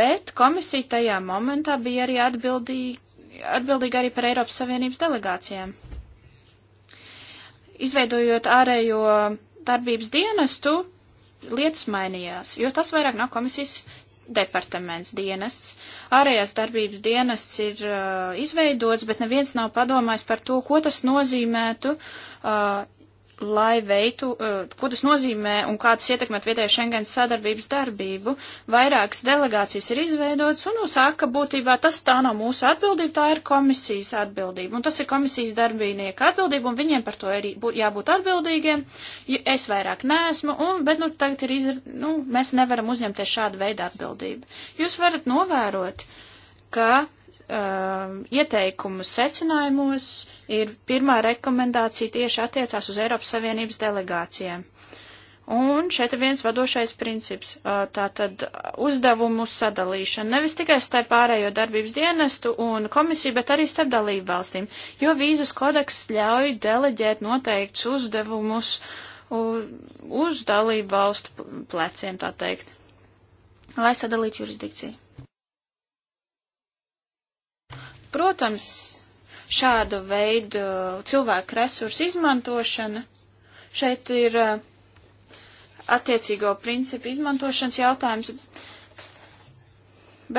Speaker 2: Bet komisija tajā momentā bija arī atbildīga atbildīga arī par Eiropas Savienības delegācijām. Izveidojot ārējo darbības dienestu, lietas mainījās, jo tas vairāk nav komisijas departaments dienests. Ārējās darbības dienests ir uh, izveidots, bet neviens nav padomājis par to, ko tas nozīmētu uh, lai veitu, uh, ko tas nozīmē un kā tas ietekmē vietēju Schengen sadarbības darbību. Vairākas delegācijas ir izveidotas un uzsāka, ka būtībā tas tā nav mūsu atbildība, tā ir komisijas atbildība. Un tas ir komisijas darbinieka atbildība un viņiem par to ir jābūt atbildīgiem. Es vairāk neesmu, un, bet nu, tagad ir, izra... nu, mēs nevaram uzņemties šādu veidu atbildību. Jūs varat novērot, ka um, ieteikumu secinājumos ir pirmā rekomendācija tieši attiecās uz Eiropas Savienības delegācijām. Un šeit ir viens vadošais princips uh, - tātad uzdevumu sadalīšana. Nevis tikai starp ārējo darbības dienestu un komisiju, bet arī starp dalību valstīm, jo vīzas kodeks ļauj deleģēt noteikts uzdevumus uz, uz dalību valstu pleciem, tā teikt, lai sadalītu jurisdikciju. Protams, šādu veidu cilvēku resursu izmantošana šeit ir eh, attiecīgo principu izmantošanas jautājums,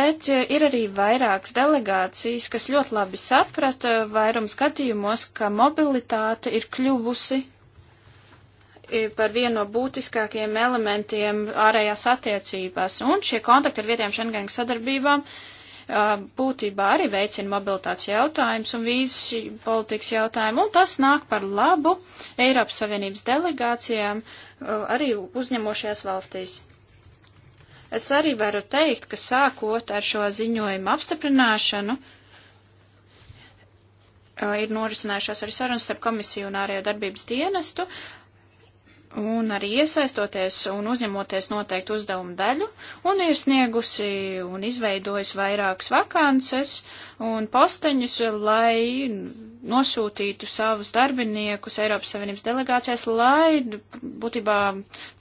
Speaker 2: bet eh, ir arī vairākas delegācijas, kas ļoti labi saprata vairums gadījumos, ka mobilitāte ir kļuvusi eh, par vienu no būtiskākajiem elementiem ārējās attiecībās, un šie kontakti ar vietējām Schengen sadarbībām uh, Um, būtībā arī veicina mobilitātes jautājumus un vīzu politikas jautājumu, un tas nāk par labu Eiropas Savienības delegācijām uh, arī uzņemošajās valstīs. Es arī varu teikt, ka sākot ar šo ziņojumu apstiprināšanu, uh, ir norisinājušās arī sarunas starp komisiju un ārējo darbības dienestu, uh, un arī iesaistoties un uzņemoties noteiktu uzdevumu daļu, un ir sniegusi un izveidojusi vairākas vakances un posteņus, lai nosūtītu savus darbiniekus Eiropas Savienības delegācijās, lai būtībā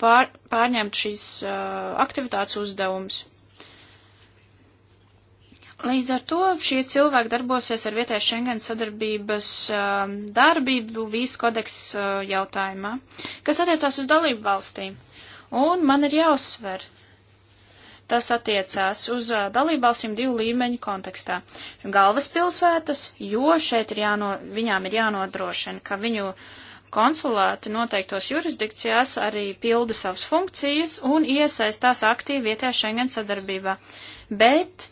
Speaker 2: pār, pārņemtu šīs uh, aktivitātes uzdevumus. Līdz ar to šie cilvēki darbosies ar vietēju Schengen sadarbības um, darbību vīzu kodeks uh, jautājumā, kas attiecās uz dalību valstīm. Un man ir jāuzsver, tas attiecās uz uh, dalību valstīm divu līmeņu kontekstā. Galvaspilsētas, jo šeit ir jāno, viņām ir jānodrošina, ka viņu konsulāti noteiktos jurisdikcijās arī pilda savas funkcijas un iesaistās aktīvi vietējā Schengen sadarbībā. Bet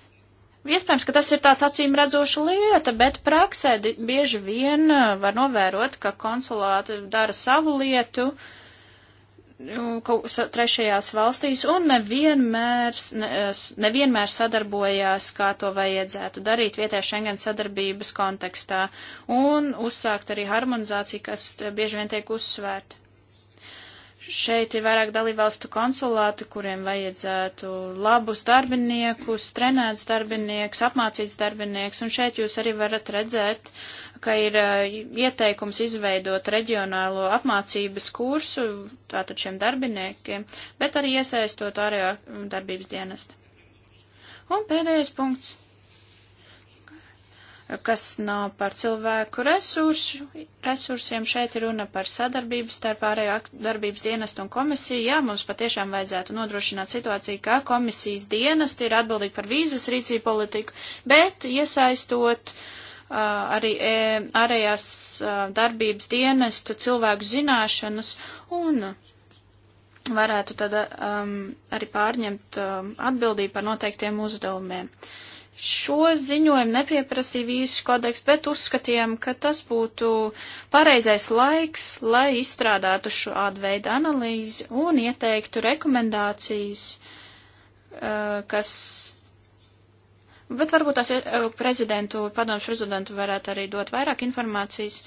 Speaker 2: Iespējams, ka tas ir tāds acīm redzoša lieta, bet praksē bieži vien uh, var novērot, ka konsulāti dara savu lietu nu, trešajās valstīs un nevienmēr, ne, uh, nevienmēr sadarbojās, kā to vajadzētu darīt vietējā Schengen sadarbības kontekstā un uzsākt arī harmonizāciju, kas uh, bieži vien tiek uzsvērta. Šeit ir vairāk dalībvalstu konsulāti, kuriem vajadzētu labus darbiniekus, trenēts darbinieks, apmācīts darbinieks, un šeit jūs arī varat redzēt, ka ir uh, ieteikums izveidot reģionālo apmācības kursu tātad šiem darbiniekiem, bet arī iesaistot ārējā darbības dienestu. Un pēdējais punkts kas nav par cilvēku resursu, resursiem. Šeit ir runa par sadarbību starp ārējo darbības dienestu un komisiju. Jā, mums patiešām vajadzētu nodrošināt situāciju, ka komisijas dienesti ir atbildīgi par vīzas rīcību politiku, bet iesaistot uh, arī e, ārējās uh, darbības dienesta cilvēku zināšanas un varētu tad um, arī pārņemt um, atbildību par noteiktiem uzdevumiem. Uh, Šo ziņojumu neprieprasīja vīzes kodeks, bet uzskatījām, ka tas būtu pareizais laiks, lai izstrādātu šādu veidu analīzi un ieteiktu rekomendācijas, eh, kas Bet varbūt tās eh, prezidentu, padomus prezidentu varētu arī dot vairāk informācijas.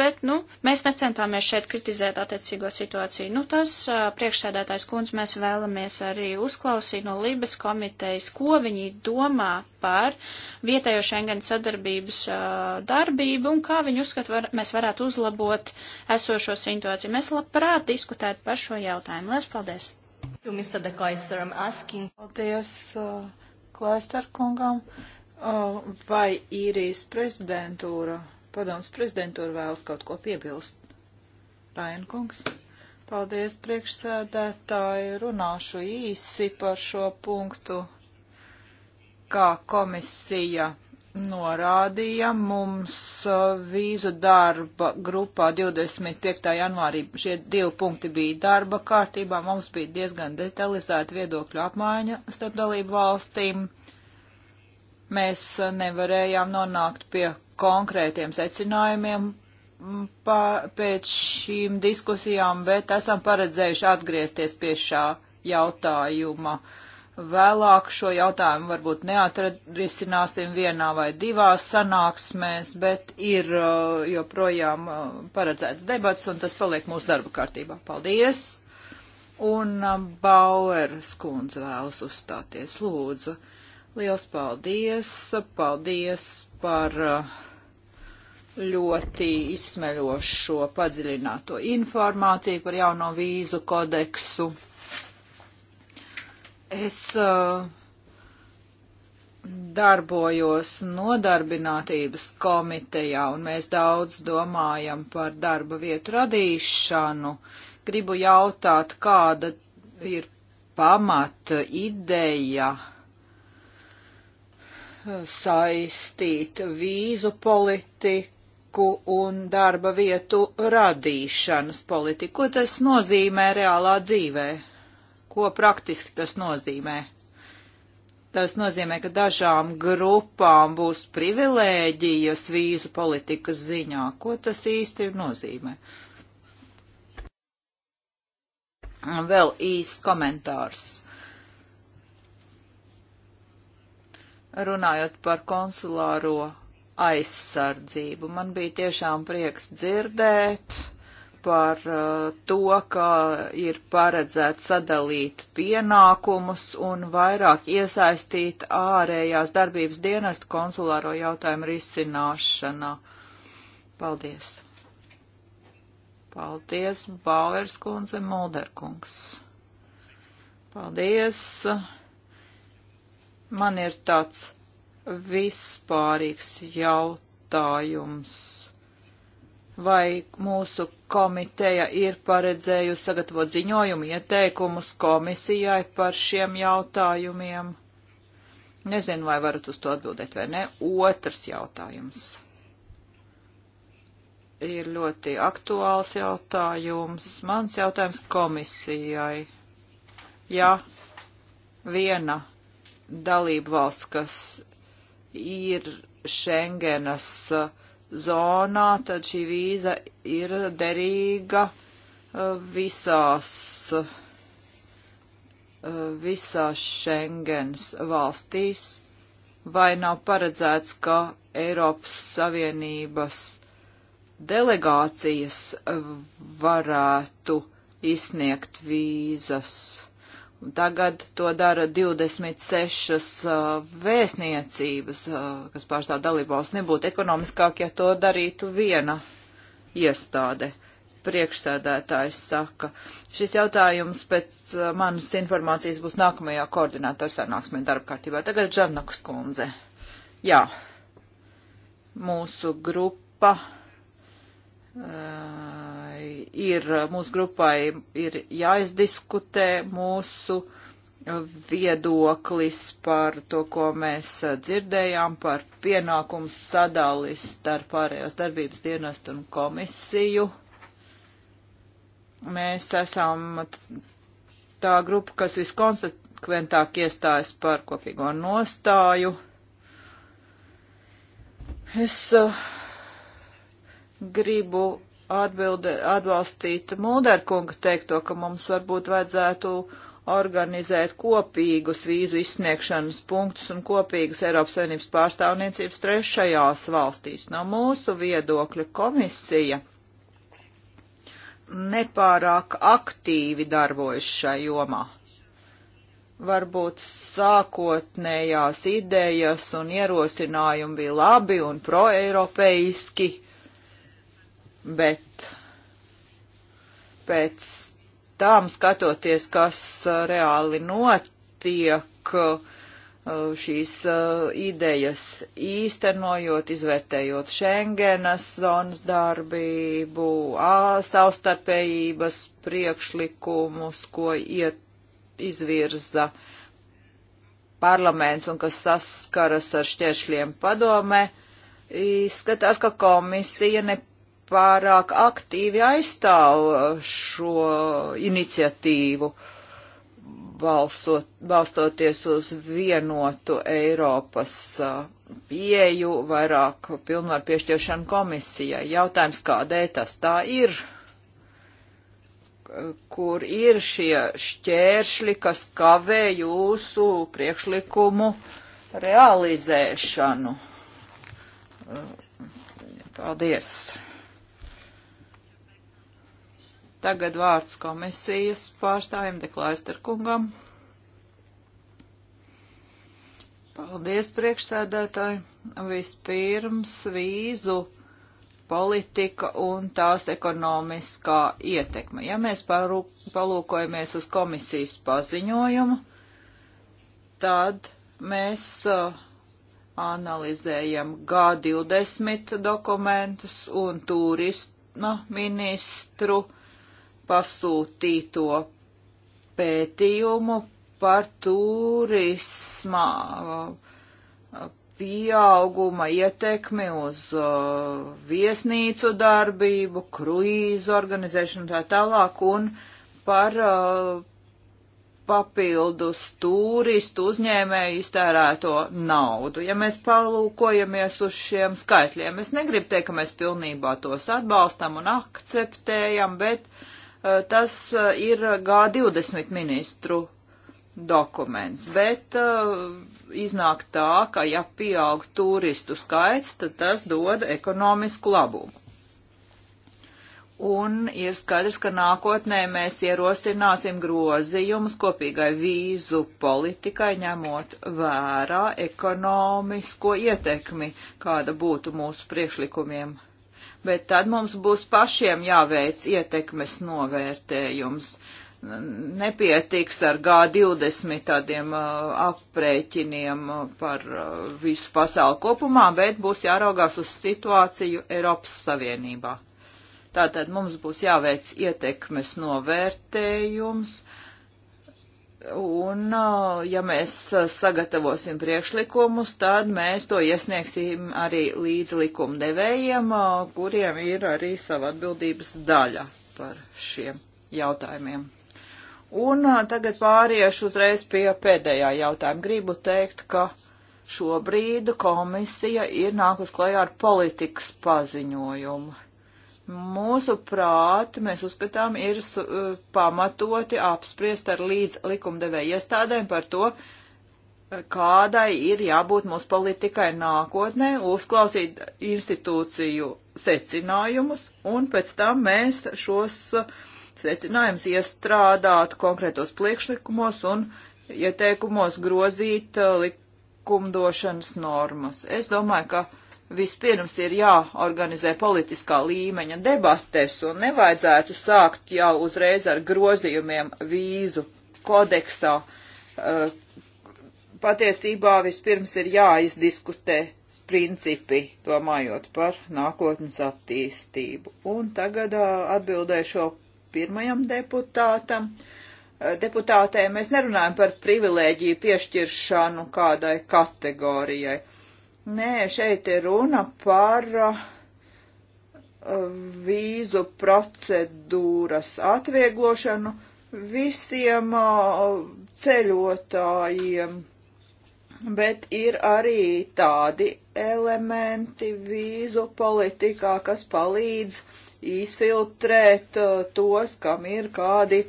Speaker 2: Bet, nu, mēs necentāmies šeit kritizēt attiecīgo situāciju. Nu, tas eh, priekšsēdētājs kundz mēs vēlamies arī uzklausīt no Libes komitejas, ko viņi domā par vietējo Schengen sadarbības uh, darbību un kā viņi uzskata, var, mēs varētu uzlabot esošo situāciju. Mēs labprāt diskutētu par šo jautājumu. Lielas paldies! You, Mr.
Speaker 3: De Kaiser, I'm asking. Paldies. Uh Klaisterkungam. Vai īrijas prezidentūra, padoms prezidentūra vēlas kaut ko piebilst? Rainkungs. Paldies, priekšsēdētāji. Runāšu īsi par šo punktu, kā komisija norādīja mums uh, vīzu darba grupā 25. janvārī. Šie divi punkti bija darba kārtībā. Mums bija diezgan detalizēta viedokļu apmaiņa starp dalību valstīm. Mēs uh, nevarējām nonākt pie konkrētiem secinājumiem mm, pēc šīm diskusijām, bet esam paredzējuši atgriezties pie šā jautājuma. Uh, vēlāk šo jautājumu varbūt neatrisināsim vienā vai divās sanāksmēs, bet ir uh, joprojām uh, paredzēts debats un tas paliek mūsu darba kārtībā. Paldies! Un uh, Baueras kundze vēlas uzstāties, lūdzu. Liels paldies! Paldies par ļoti izsmeļošo padziļināto informāciju par jauno vīzu kodeksu Es uh, darbojos nodarbinātības komitejā, un mēs daudz domājam par darba vietu radīšanu. Gribu jautāt, kāda ir pamata ideja saistīt vīzu politiku un darba vietu radīšanas politiku. Ko tas nozīmē reālā dzīvē? ko praktiski tas nozīmē. Tas nozīmē, ka dažām grupām būs privilēģijas vīzu politikas ziņā. Ko tas īsti nozīmē? Vēl īsts komentārs. Runājot par konsulāro aizsardzību, man bija tiešām prieks dzirdēt par uh, to, ka ir paredzēts sadalīt pienākumus un vairāk iesaistīt ārējās darbības dienestu konsulāro jautājumu risināšanā. Paldies. Paldies, Bauers kundze, Mulderkungs. Paldies. Man ir tāds vispārīgs jautājums vai mūsu komiteja ir paredzējusi sagatavot ziņojumu ieteikumus komisijai par šiem jautājumiem? Nezinu, vai varat uz to atbildēt vai ne. Otrs jautājums. Ir ļoti aktuāls jautājums. Mans jautājums komisijai. Ja viena dalība valsts, kas ir Schengenas uh, zonā, tad šī vīza ir derīga uh, visās, uh, visās Schengens valstīs, vai nav paredzēts, ka Eiropas Savienības delegācijas varētu izsniegt vīzas. Tagad to dara 26 uh, vēstniecības, uh, kas pārstāv dalībvalsts. Nebūtu ekonomiskāk, ja to darītu viena iestāde. Priekšsēdētājs saka, šis jautājums pēc uh, manas informācijas būs nākamajā koordinātora sanāksmē darba kārtībā. Tagad Žanakas kundze. Jā, mūsu grupa. Uh, ir mūsu grupai ir jāizdiskutē mūsu viedoklis par to, ko mēs dzirdējām, par pienākumu sadalis starp pārējās darbības dienestu un komisiju. Mēs esam tā grupa, kas viskonsekventāk iestājas par kopīgo nostāju. Es uh, gribu atbilde, atbalstīt Mulderkunga teikto, ka mums varbūt vajadzētu organizēt kopīgus vīzu izsniegšanas punktus un kopīgas Eiropas Savienības pārstāvniecības trešajās valstīs. No mūsu viedokļa komisija nepārāk aktīvi darbojas šai jomā. Varbūt sākotnējās idejas un ierosinājumi bija labi un proeiropeiski, bet pēc tām skatoties, kas uh, reāli notiek, uh, šīs uh, idejas īstenojot, izvērtējot Schengenas zonas darbību, savstarpējības priekšlikumus, ko iet, izvirza parlaments un kas saskaras ar šķēršļiem padome, izskatās, ka komisija ne pārāk aktīvi aizstāv uh, šo iniciatīvu, balsot, balstoties uz vienotu Eiropas uh, pieju, vairāk pilnvaru piešķiršanu komisijai. Jautājums, kādēļ tas tā ir? Uh, kur ir šie šķēršļi, kas kavē jūsu priekšlikumu realizēšanu. Paldies! Tagad vārds komisijas pārstāvjiem Deklaisterkungam. Paldies, priekšsēdētāji. Vispirms vīzu politika un tās ekonomiskā ietekme. Ja mēs palūkojamies uz komisijas paziņojumu, tad mēs uh, analizējam G20 dokumentus un turisma ministru uh, pasūtīto pētījumu par turisma uh, pieauguma ietekmi uz uh, viesnīcu darbību, kruīzu organizēšanu tā tālāk un par uh, papildus turistu uzņēmēju iztērēto naudu. Ja mēs palūkojamies uz šiem skaitļiem, es negribu teikt, ka mēs pilnībā tos atbalstam un akceptējam, bet uh, Eh, tas eh, ir G20 ministru dokuments, bet eh, iznāk tā, ka ja pieaug turistu skaits, tad tas dod ekonomisku labumu. Un ir skaidrs, ka nākotnē mēs ierosināsim grozījumus kopīgai vīzu politikai, ņemot vērā ekonomisko ietekmi, kāda būtu mūsu priekšlikumiem bet tad mums būs pašiem jāveic ietekmes novērtējums. Nepietiks ar G20 tādiem uh, aprēķiniem uh, par uh, visu pasauli kopumā, bet būs jāraugās uz situāciju Eiropas Savienībā. Tātad mums būs jāveic ietekmes novērtējums. Uh, Un, ja mēs sagatavosim priekšlikumus, tad mēs to iesniegsim arī līdz likumdevējiem, kuriem ir arī sava atbildības daļa par šiem jautājumiem. Un tagad pāriešu uzreiz pie pēdējā jautājuma. Gribu teikt, ka šobrīd komisija ir nākus klajā ar politikas paziņojumu mūsu prāti, mēs uzskatām, ir e, pamatoti apspriest ar līdz likumdevēja iestādēm par to, e, kādai ir jābūt mūsu politikai nākotnē, uzklausīt institūciju secinājumus, un pēc tam mēs šos e, secinājumus iestrādātu konkrētos priekšlikumos un ieteikumos grozīt likumdošanas normas. Es domāju, ka vispirms ir jāorganizē politiskā līmeņa debates un nevajadzētu sākt jau uzreiz ar grozījumiem vīzu kodeksā. Eh, patiesībā vispirms ir jāizdiskutē principi, domājot par nākotnes attīstību. Un tagad eh, atbildēšu pirmajam deputātam eh, deputātēm mēs nerunājam par privilēģiju piešķiršanu kādai kategorijai. Nē, šeit ir runa par uh, vīzu procedūras atvieglošanu visiem uh, ceļotājiem, bet ir arī tādi elementi vīzu politikā, kas palīdz izfiltrēt uh, tos, kam ir kādi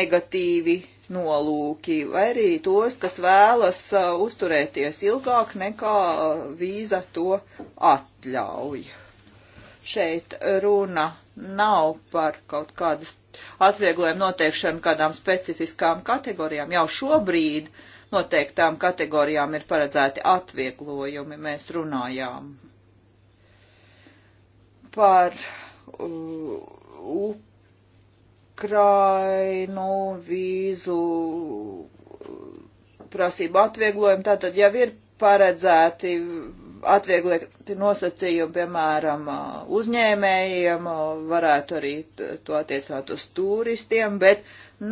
Speaker 3: negatīvi nolūki, vai arī tos, kas vēlas uzturēties ilgāk nekā vīza to atļauj. Šeit runa nav par kaut kādas atvieglojumu noteikšanu kādām specifiskām kategorijām. Jau šobrīd noteiktām kategorijām ir paredzēti atvieglojumi. Mēs runājām par uh, Ukrainu, vīzu uh, prasību atvieglojumu. Tātad jau ir paredzēti atviegloti nosacījumi, piemēram, uh, uzņēmējiem, uh, varētu arī to attiecināt uz turistiem, bet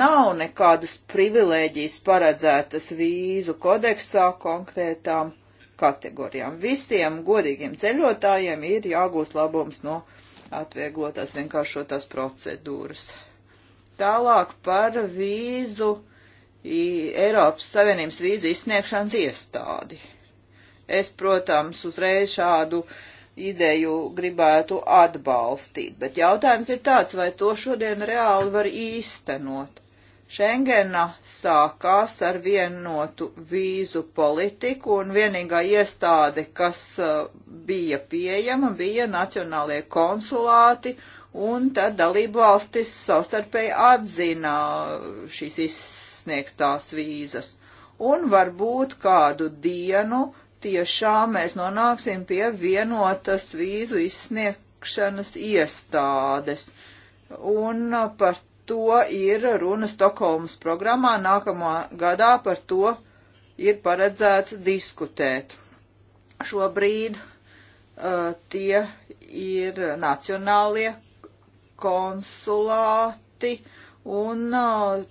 Speaker 3: nav nekādas privilēģijas paredzētas vīzu kodeksā konkrētām kategorijām. Visiem godīgiem ceļotājiem ir jāgūst labums no atvieglotās vienkāršotās procedūras. Tālāk par vīzu, Eiropas Savienības vīzu izsniegšanas iestādi. Es, protams, uzreiz šādu ideju gribētu atbalstīt, bet jautājums ir tāds, vai to šodien reāli var īstenot. Šengena sākās ar vienotu vīzu politiku, un vienīgā iestāde, kas uh, bija pieejama, bija nacionālie konsulāti, uh, un tad dalību valstis savstarpēji atzina šīs izsniegtās vīzas. Un varbūt kādu dienu tiešām mēs nonāksim pie vienotas vīzu izsniegšanas iestādes. Un par to ir runa Stokholmas programmā nākamā gadā par to ir paredzēts diskutēt. Šobrīd uh, tie ir nacionālie konsulāti, un uh,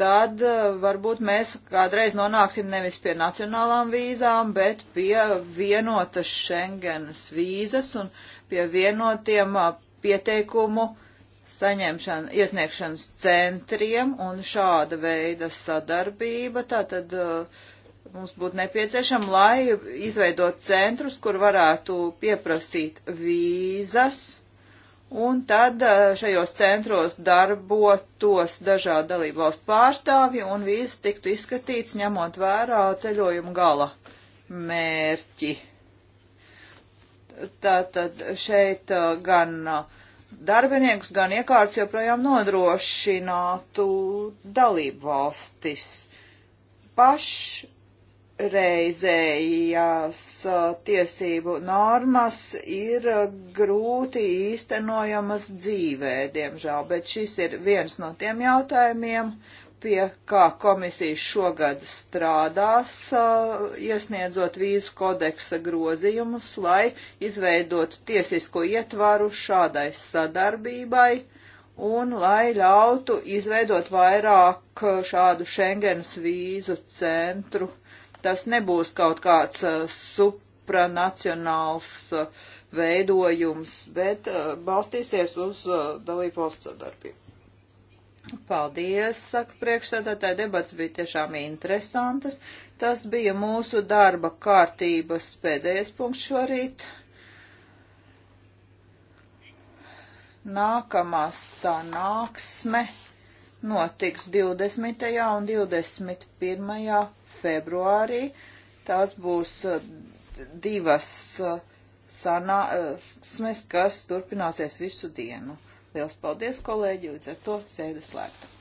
Speaker 3: tad uh, varbūt mēs kādreiz nonāksim nevis pie nacionālām vīzām, bet pie vienotas Schengenas vīzas un pie vienotiem uh, pieteikumu saņemšana, iesniegšanas centriem un šāda veida sadarbība. Tātad mums būtu nepieciešama, lai izveidot centrus, kur varētu pieprasīt vīzas Un tad eh, šajos centros darbotos dažādi dalību valstu pārstāvji un viss tiktu izskatīts ņemot vērā ceļojuma gala mērķi. Tātad šeit eh, gan eh, darbiniekus, gan iekārtas joprojām nodrošinātu dalību valstis. Paš pašreizējās tiesību normas ir grūti īstenojamas dzīvē, diemžēl, bet šis ir viens no tiem jautājumiem, pie kā komisija šogad strādās, iesniedzot vīzu kodeksa grozījumus, lai izveidotu tiesisko ietvaru šādai sadarbībai un lai ļautu izveidot vairāk šādu Schengens vīzu centru uh, Tas nebūs kaut kāds uh, supranacionāls uh, veidojums, bet uh, balstīsies uz dalību valsts sadarbību. Paldies, saka priekšsēdētāji, debats bija tiešām interesantas. Tas bija mūsu darba kārtības pēdējais punkts šorīt. Nākamā sanāksme notiks 20. un 21 februārī. Tās būs uh, divas uh, sanāksmes, uh, kas turpināsies visu dienu. Liels paldies, kolēģi, līdz ar to sēdu slēgtu.